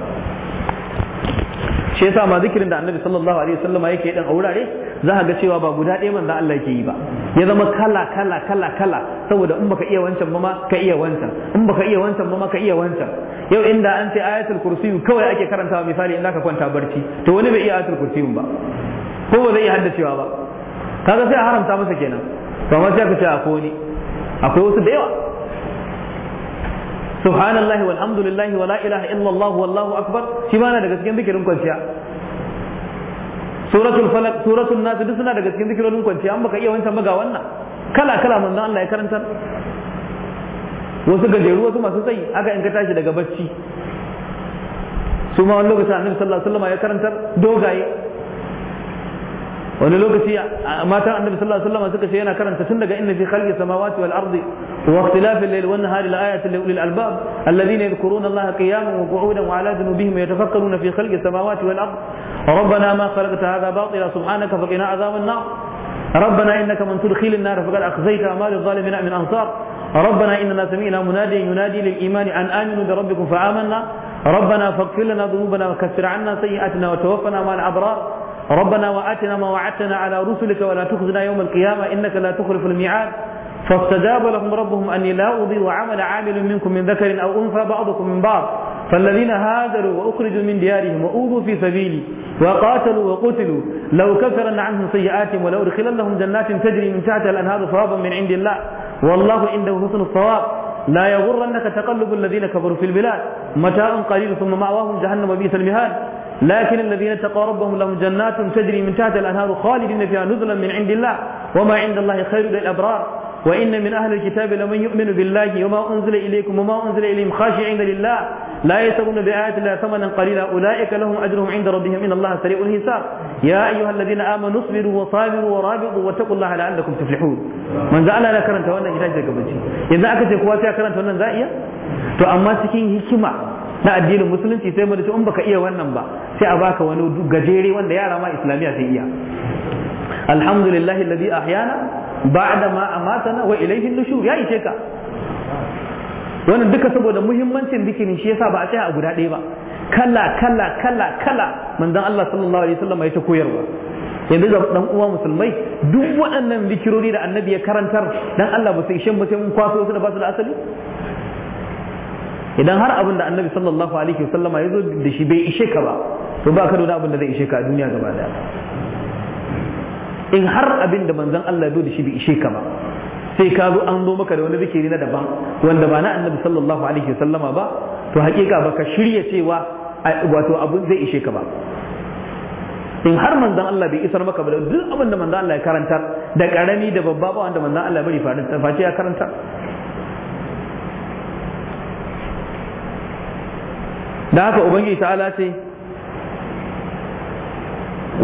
shi yasa ma zikirin da annabi sallallahu alaihi wasallama yake dan a wurare za ka ga cewa ba guda ɗaya manzo Allah ke yi ba ya zama kala kala kala kala saboda in baka iya wancan ba ma ka iya wancan in baka iya wancan ba ma ka iya wancan yau inda an ce ayatul kursi kawai ake karantawa misali in zaka kwanta barci to wani bai iya ayatul kursi ba ko ba zai iya haddacewa ba kaga sai a haramta masa kenan to amma sai ka ce akwai ni akwai wasu da yawa subhanallahi walhamdulillahi wala ilaha illallah wallahu akbar shi ma na daga cikin zikirin kwanciya suratul falak suratul nas duk suna daga cikin zikirorin kwanciya an baka iya wancan ba wannan kala kala manzon Allah ya karantar wasu gajeru wasu masu tsayi aka in ka tashi daga bacci su ma wani lokacin annabi sallallahu alaihi wasallam ya karantar dogaye wani lokaci matan annabi sallallahu alaihi wasallam suka ce yana karanta tun daga inna fi khalqi samawati wal ardi wa ikhtilafi al-layli wan nahari la ayatin li ulil albab alladhina yadhkuruna allaha qiyaman wa qu'udan wa ala junubihim yatafakkaruna fi khalqi samawati wal ardi ربنا ما خلقت هذا باطلا سبحانك فقنا عذاب النار ربنا انك من تدخل النار فقد اخزيت اعمال الظالمين من انصار ربنا اننا سمعنا مناديا ينادي للايمان ان امنوا بربكم فامنا ربنا فاغفر لنا ذنوبنا وكفر عنا سيئاتنا وتوفنا مع الابرار ربنا وآتنا ما وعدتنا على رسلك ولا تخزنا يوم القيامة إنك لا تخلف الميعاد فاستجاب لهم ربهم أني لا أضيع عمل عامل منكم من ذكر أو أنثى بعضكم من بعض فالذين هاجروا وأخرجوا من ديارهم وأوذوا في سبيلي وقاتلوا وقتلوا لو كفرن عنهم سيئاتهم لهم جنات تجري من تحتها الأنهار صوابا من عند الله والله عنده حسن الصواب لا يغرنك تقلب الذين كفروا في البلاد متاع قليل ثم مأواهم جهنم وبئس المهاد لكن الذين اتقوا ربهم لهم جنات تجري من تحت الانهار خالدين فيها نزلا من عند الله وما عند الله خير للابرار وان من اهل الكتاب لمن يؤمن بالله وما انزل اليكم وما انزل اليهم خاشعين لله لا يسرون بايات الله ثمنا قليلا اولئك لهم اجرهم عند ربهم ان الله سريع الحساب يا ايها الذين امنوا اصبروا وصابروا ورابطوا واتقوا الله لعلكم تفلحون من زعل انا كرنت وانا كتاب daga bacci yanzu aka ce kowa sai karanta wannan za'iya to na addinin musulunci sai mu da in baka iya wannan ba sai a baka wani gajere wanda yara ma islamiyya sai iya alhamdulillahi alladhi ahyana ba'da ma amatana wa ilayhi nushur ya ishe ka wannan duka saboda muhimmancin zikirin shi yasa ba a tsaya a guda ɗaya ba kala kala kala kala manzon Allah sallallahu alaihi wasallam ya ta koyarwa yanzu ga dan uwa musulmai duk waɗannan zikirori da annabi ya karantar dan Allah ba su ishe mu sai mun kwaso su da ba su da asali idan har abin da annabi sallallahu alaihi wasallam ya zo da shi bai ishe ka ba to ba ka da abin da zai ishe ka a duniya gaba daya in har abin da manzon Allah ya zo da shi bai ishe ka ba sai ka zo an zo maka da wani zikiri na daban wanda ba na annabi sallallahu alaihi wasallama ba to hakika baka shirya cewa wato abun zai ishe ka ba in har manzon Allah bai isar maka ba duk abin da manzon Allah ya karanta da karami da babba ba wanda manzon Allah ya bari faɗin face ya karanta da haka ubangiji ta'ala ce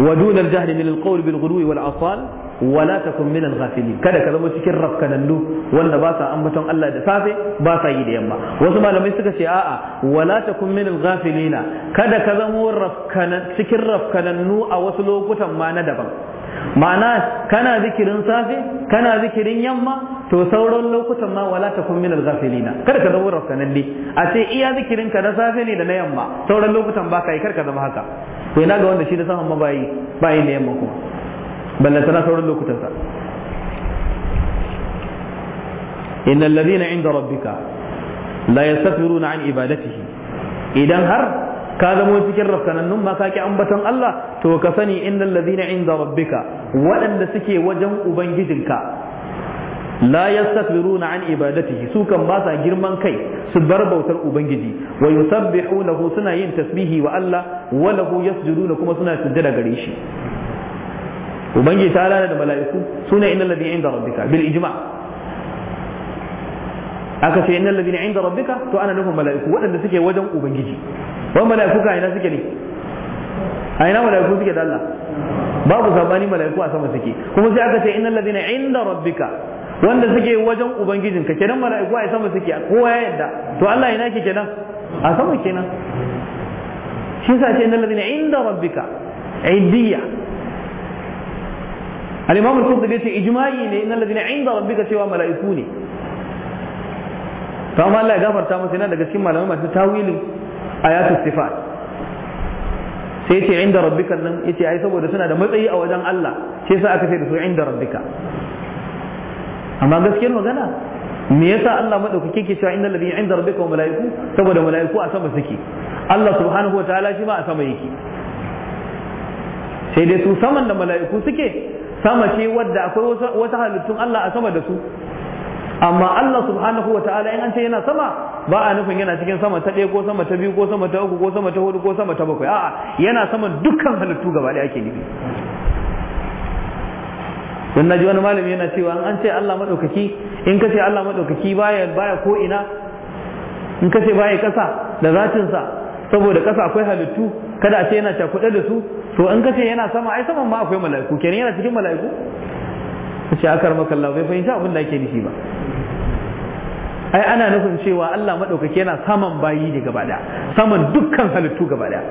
wa dun al-jahli min al-qawl bil ghudwi wal asal wa la takun min al-ghafilin kada ka zama cikin rafkanannu wanda ba sa ambaton Allah da safe ba sa yi da yamma wasu malamai suka ce a'a wa la takun min al-ghafilina kada ka zama cikin rafkanannu a wasu lokutan ma na daban ma'ana kana zikirin safe kana zikirin yamma to sauran lokutan ma wala kun minal ghafilina kada ka zama rafkananne a ce iya zikirin ka na safe ne da na yamma sauran lokutan ba yi, kar ka zama haka to ina ga wanda shi da saman ma bayi bayi ne yamma kuma balle tana sauran lokutan sa innal ladina inda rabbika la yastafiruna an ibadatihi idan har ka zamo cikin rafsanannun ma ka ki ambaton Allah to ka sani innal ladhina inda rabbika waɗanda suke wajen ubangijinka la yastakbiruna an ibadatihi su kan ba sa girman kai su bar bautar ubangiji wa yusabbihunahu suna yin tasbihi wa Allah wa lahu yasjuduna kuma suna sujjada gare shi ubangiji ta da mala'iku sune innal ladhina inda rabbika bil ijma' aka ce innal ladina inda rabbika to ana nufin mala'iku waɗanda suke wajen ubangiji wani mala'iku ka ina suke ne a ina mala'iku suke da Allah babu sabani mala'iku a sama suke kuma sai aka ce innal ladina inda rabbika wanda suke wajen ubangijin ka kenan mala'iku a sama suke kowa ya yadda to Allah ina ke kenan a sama kenan shi sa ce innal ladina inda rabbika iddiya al-imam al-qurtubi ce ijma'i ne innal ladina inda rabbika cewa mala'iku ne to amma Allah ya gafarta masa yana daga cikin malamai masu tawilin ayatul sifat sai ce inda rabbika nan yace ai saboda suna da matsayi a wajen Allah sai sa aka ce da su inda rabbika amma gaskiyar magana me yasa Allah madaukake ke cewa innal ladina inda rabbika wa malaiku saboda malaiku a sama suke Allah subhanahu wataala shi ma a sama yake sai dai su saman da malaiku suke sama ce wadda akwai wata halittun Allah a sama da su amma Allah subhanahu wa ta'ala in an ce yana sama ba a nufin yana cikin sama ta ɗaya ko sama ta biyu ko sama ta uku ko sama ta hudu ko sama ta bakwai a'a yana sama dukkan halittu gaba ɗaya ake nufi don na ji wani malami yana cewa an ce Allah maɗaukaki in ka ce Allah maɗaukaki baya baya ko ina in ka ce baya ƙasa da zatinsa saboda ƙasa akwai halittu kada a ce yana cakuɗe da su to in ka ce yana sama ai saman ma akwai mala'iku kenan yana cikin mala'iku ka ce akar makalla bai fahimci abin da ake nufi ba ai ana nufin cewa Allah maɗaukaki yana saman bayi ne gaba ɗaya, saman dukkan halittu gaba ɗaya,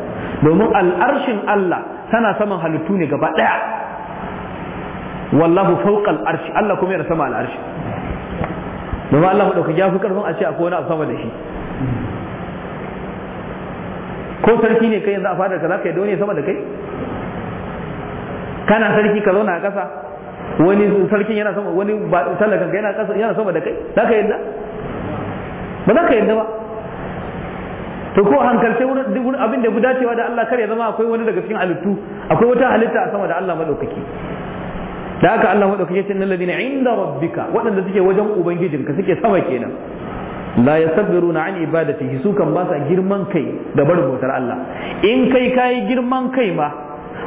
domin al'arshin Allah tana saman halittu ne gaba ɗaya, wallahu fawqa al'arshi Allah kuma yana sama al'arshi domin Allah maɗaukaki ya fi karfin a ce akwai wani abu sama da shi ko sarki ne kai yanzu a fadar ka za ka yi dole sama da kai kana sarki ka zauna a ƙasa wani sarkin yana sama wani talakan ka yana kasa yana sama da kai za ka yadda ba za ka yadda ba to ko hankalce wurin abin da ya fi dacewa da Allah kar ya zama akwai wani daga cikin halittu akwai wata halitta a sama da Allah madaukaki da haka Allah madaukaki yace ce nan ladina inda rabbika waɗanda suke wajen ubangijinka suke sama kenan la yasabbiruna an ibadatihi su kan ba sa girman kai da barin bautar Allah in kai kai girman kai ma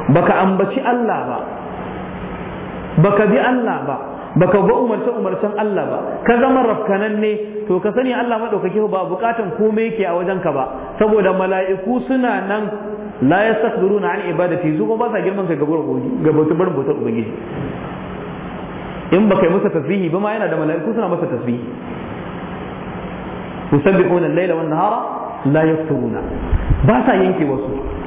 baka ambaci Allah ba baka bi Allah ba baka ga umarce umarcen Allah ba ka zama rafkanan to ka sani Allah madaukake ba bukatan komai yake a wajen ka ba saboda mala'iku suna nan la yastakbiruna an ibadati zuwa ba sa girman kai ga bautun barin bautar ubangiji in baka yi masa tasbihi ba ma yana da mala'iku suna masa tasbihi yusabbihuna al-laila wan nahara la yafturuna ba sa yanke wasu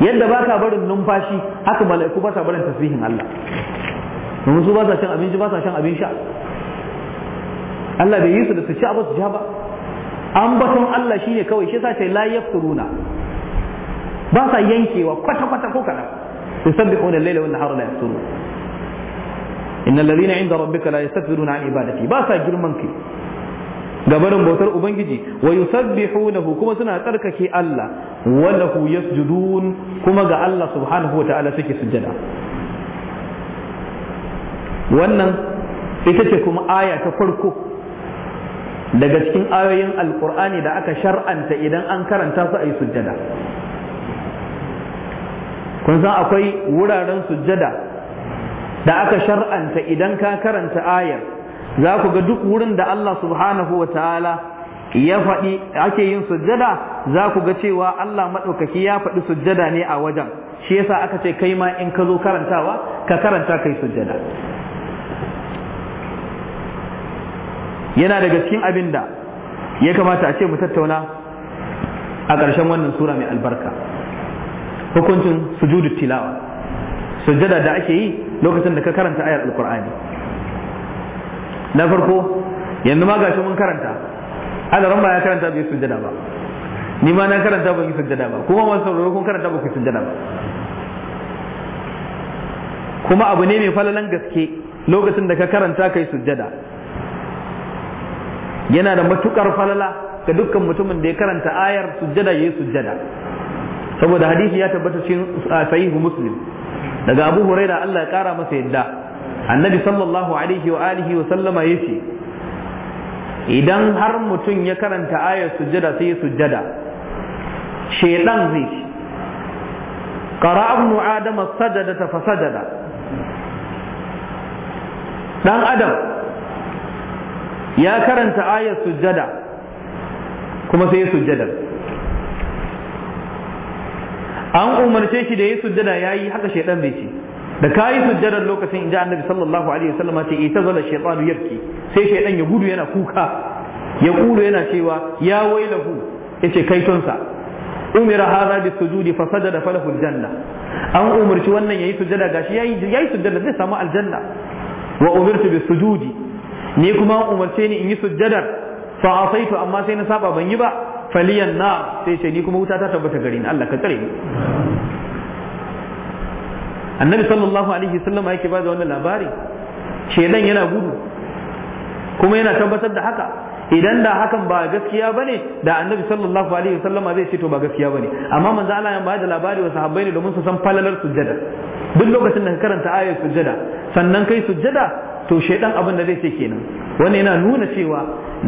yadda ba sa barin numfashi haka mala'iku ba sa barin tasbihin Allah domin su ba sa cin abinci ba sa shan abin sha Allah bai yi su da su ci abu su ja ba an batun Allah shine kawai shi yasa sai la yafturuna ba sa yankewa kwata kwata ko kadan yusabbihuna al-laila wan nahara la yafturun innal ladina 'inda rabbika la yastakbiruna an ibadati ba sa girman kai barin bautar ubangiji wa yusabbihunahu kuma suna tsarkake Allah wa lahu yasjudun kuma ga Allah subhanahu wa ta'ala suke sujjada wannan ita ce kuma aya ta farko daga cikin ayoyin alkur'ani da aka shar'anta idan an karanta su a yi sujjada kun san akwai wuraren sujjada da aka shar'anta idan ka karanta ayar za ku ga duk wurin da Allah subhanahu wa ta'ala ya faɗi ake yin sujjada za ku ga cewa Allah maɗaukaki ya faɗi sujjada ne a wajen shi yasa aka ce kai ma in ka zo karantawa ka karanta kai sujjada yana daga cikin abin da ya kamata a ce mu tattauna a ƙarshen wannan sura mai albarka hukuncin sujudu tilawa sujjada da ake yi lokacin da ka karanta ayar alkur'ani na farko yanzu ma gashi mun karanta alaran ba ya karanta bai sujjada ba ni ma na karanta ban yi sujjada ba kuma ban sauraro kun karanta ba ku sujjada ba kuma abu ne mai falalan gaske lokacin da ka karanta kai sujjada yana da matukar falala ga dukkan mutumin da ya karanta ayar sujjada yayi sujjada saboda hadisi ya tabbata cikin ah, sahihu muslim daga abu huraira Allah ya kara masa yadda annabi sallallahu alaihi wa alihi wa sallama yace idan har mutum ya karanta ayar sujjada sai ya sujjada shedan zai ci qara ibnu adama sajada ta fasajada dan adam ya karanta ayar sujjada kuma sai ya sujjada an umarce shi da ya sujjada yayi haka shedan zai ci da kayi sujjadar lokacin in ji annabi sallallahu alaihi wasallam ce ita zala shaytanu yabki sai dan ya gudu yana kuka ya kulu yana cewa ya wailahu yace kaitonsa umira hadha bis sujudi fa sajada falahu aljanna an umarci wannan yayi sujjada gashi yayi yayi sujjada zai samu aljanna wa umirtu bis sujudi ni kuma umarce ni in yi sujjadar fa asaitu amma sai na saba ban yi ba faliyan na sai ce ni kuma wuta ta tabbata gare ni Allah ka tsare ni annabi sallallahu alaihi sallama yake ba da wannan labari shedan yana gudu kuma yana tabbatar da haka idan da hakan ba gaskiya bane da annabi sallallahu alaihi sallama zai ce to ba gaskiya bane amma manzo Allah ya ba da labari wa sahabbai ne domin su san falalar sujjada duk lokacin da ka karanta ayar sujjada sannan kai sujjada to shaidan abin da zai ce kenan wannan yana nuna cewa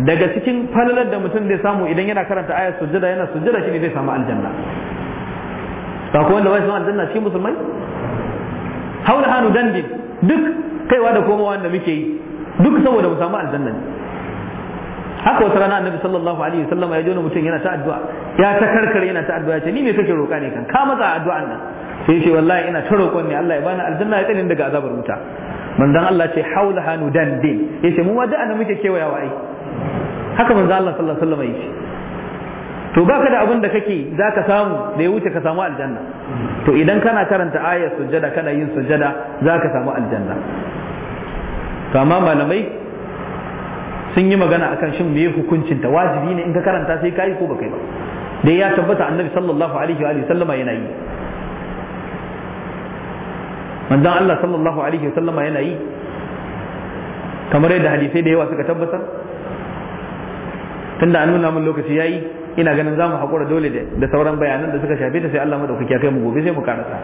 daga cikin falalar da mutum zai samu idan yana karanta ayar sujjada yana sujjada ne zai samu aljanna ba ko wanda bai aljanna shi musulmai haula hanu dandin duk kaiwa da komawa wanda muke yi duk saboda mu samu aljanna ne haka wata rana annabi sallallahu alaihi wasallam ya jona mutum yana ta addu'a ya ta karkare yana ta addu'a ya ce ni me kake roƙa ne kan ka matsa addu'an nan sai ce wallahi ina ta roƙon ne Allah ya bani aljanna ya tsare daga azabar wuta manzon Allah ce haula hanu dandin ya ce mu ma da annabi muke kewayawa ai haka manzon Allah sallallahu alaihi wasallam ya ce to baka da abin da kake za ka samu da ya wuce ka samu aljanna to idan kana karanta ayar sujjada kana yin sujjada za ka samu aljanna to amma malamai sun yi magana akan shin me hukuncin ta wajibi ne in ka karanta sai kai ko baka yi ba dai ya tabbata annabi sallallahu alaihi wa sallama yana yi manzon Allah sallallahu alaihi wa sallama yana yi kamar yadda hadisai da yawa suka tabbatar tunda an nuna mun lokaci yayi ina ganin za mu haƙura dole da sauran bayanan da suka shafe ta sai Allah madaukaki ya kai mu gobe sai mu karasa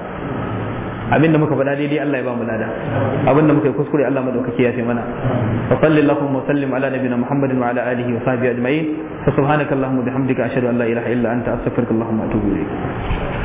da muka faɗa daidai Allah ya ba mu lada da muka yi kuskure Allah madaukaki ya fi mana wa sallallahu wa sallim ala nabiyina muhammadin wa ala alihi wa sahbihi ajma'in fa subhanakallahumma wa bihamdika ashhadu an la ilaha illa anta astaghfiruka wa atubu ilayk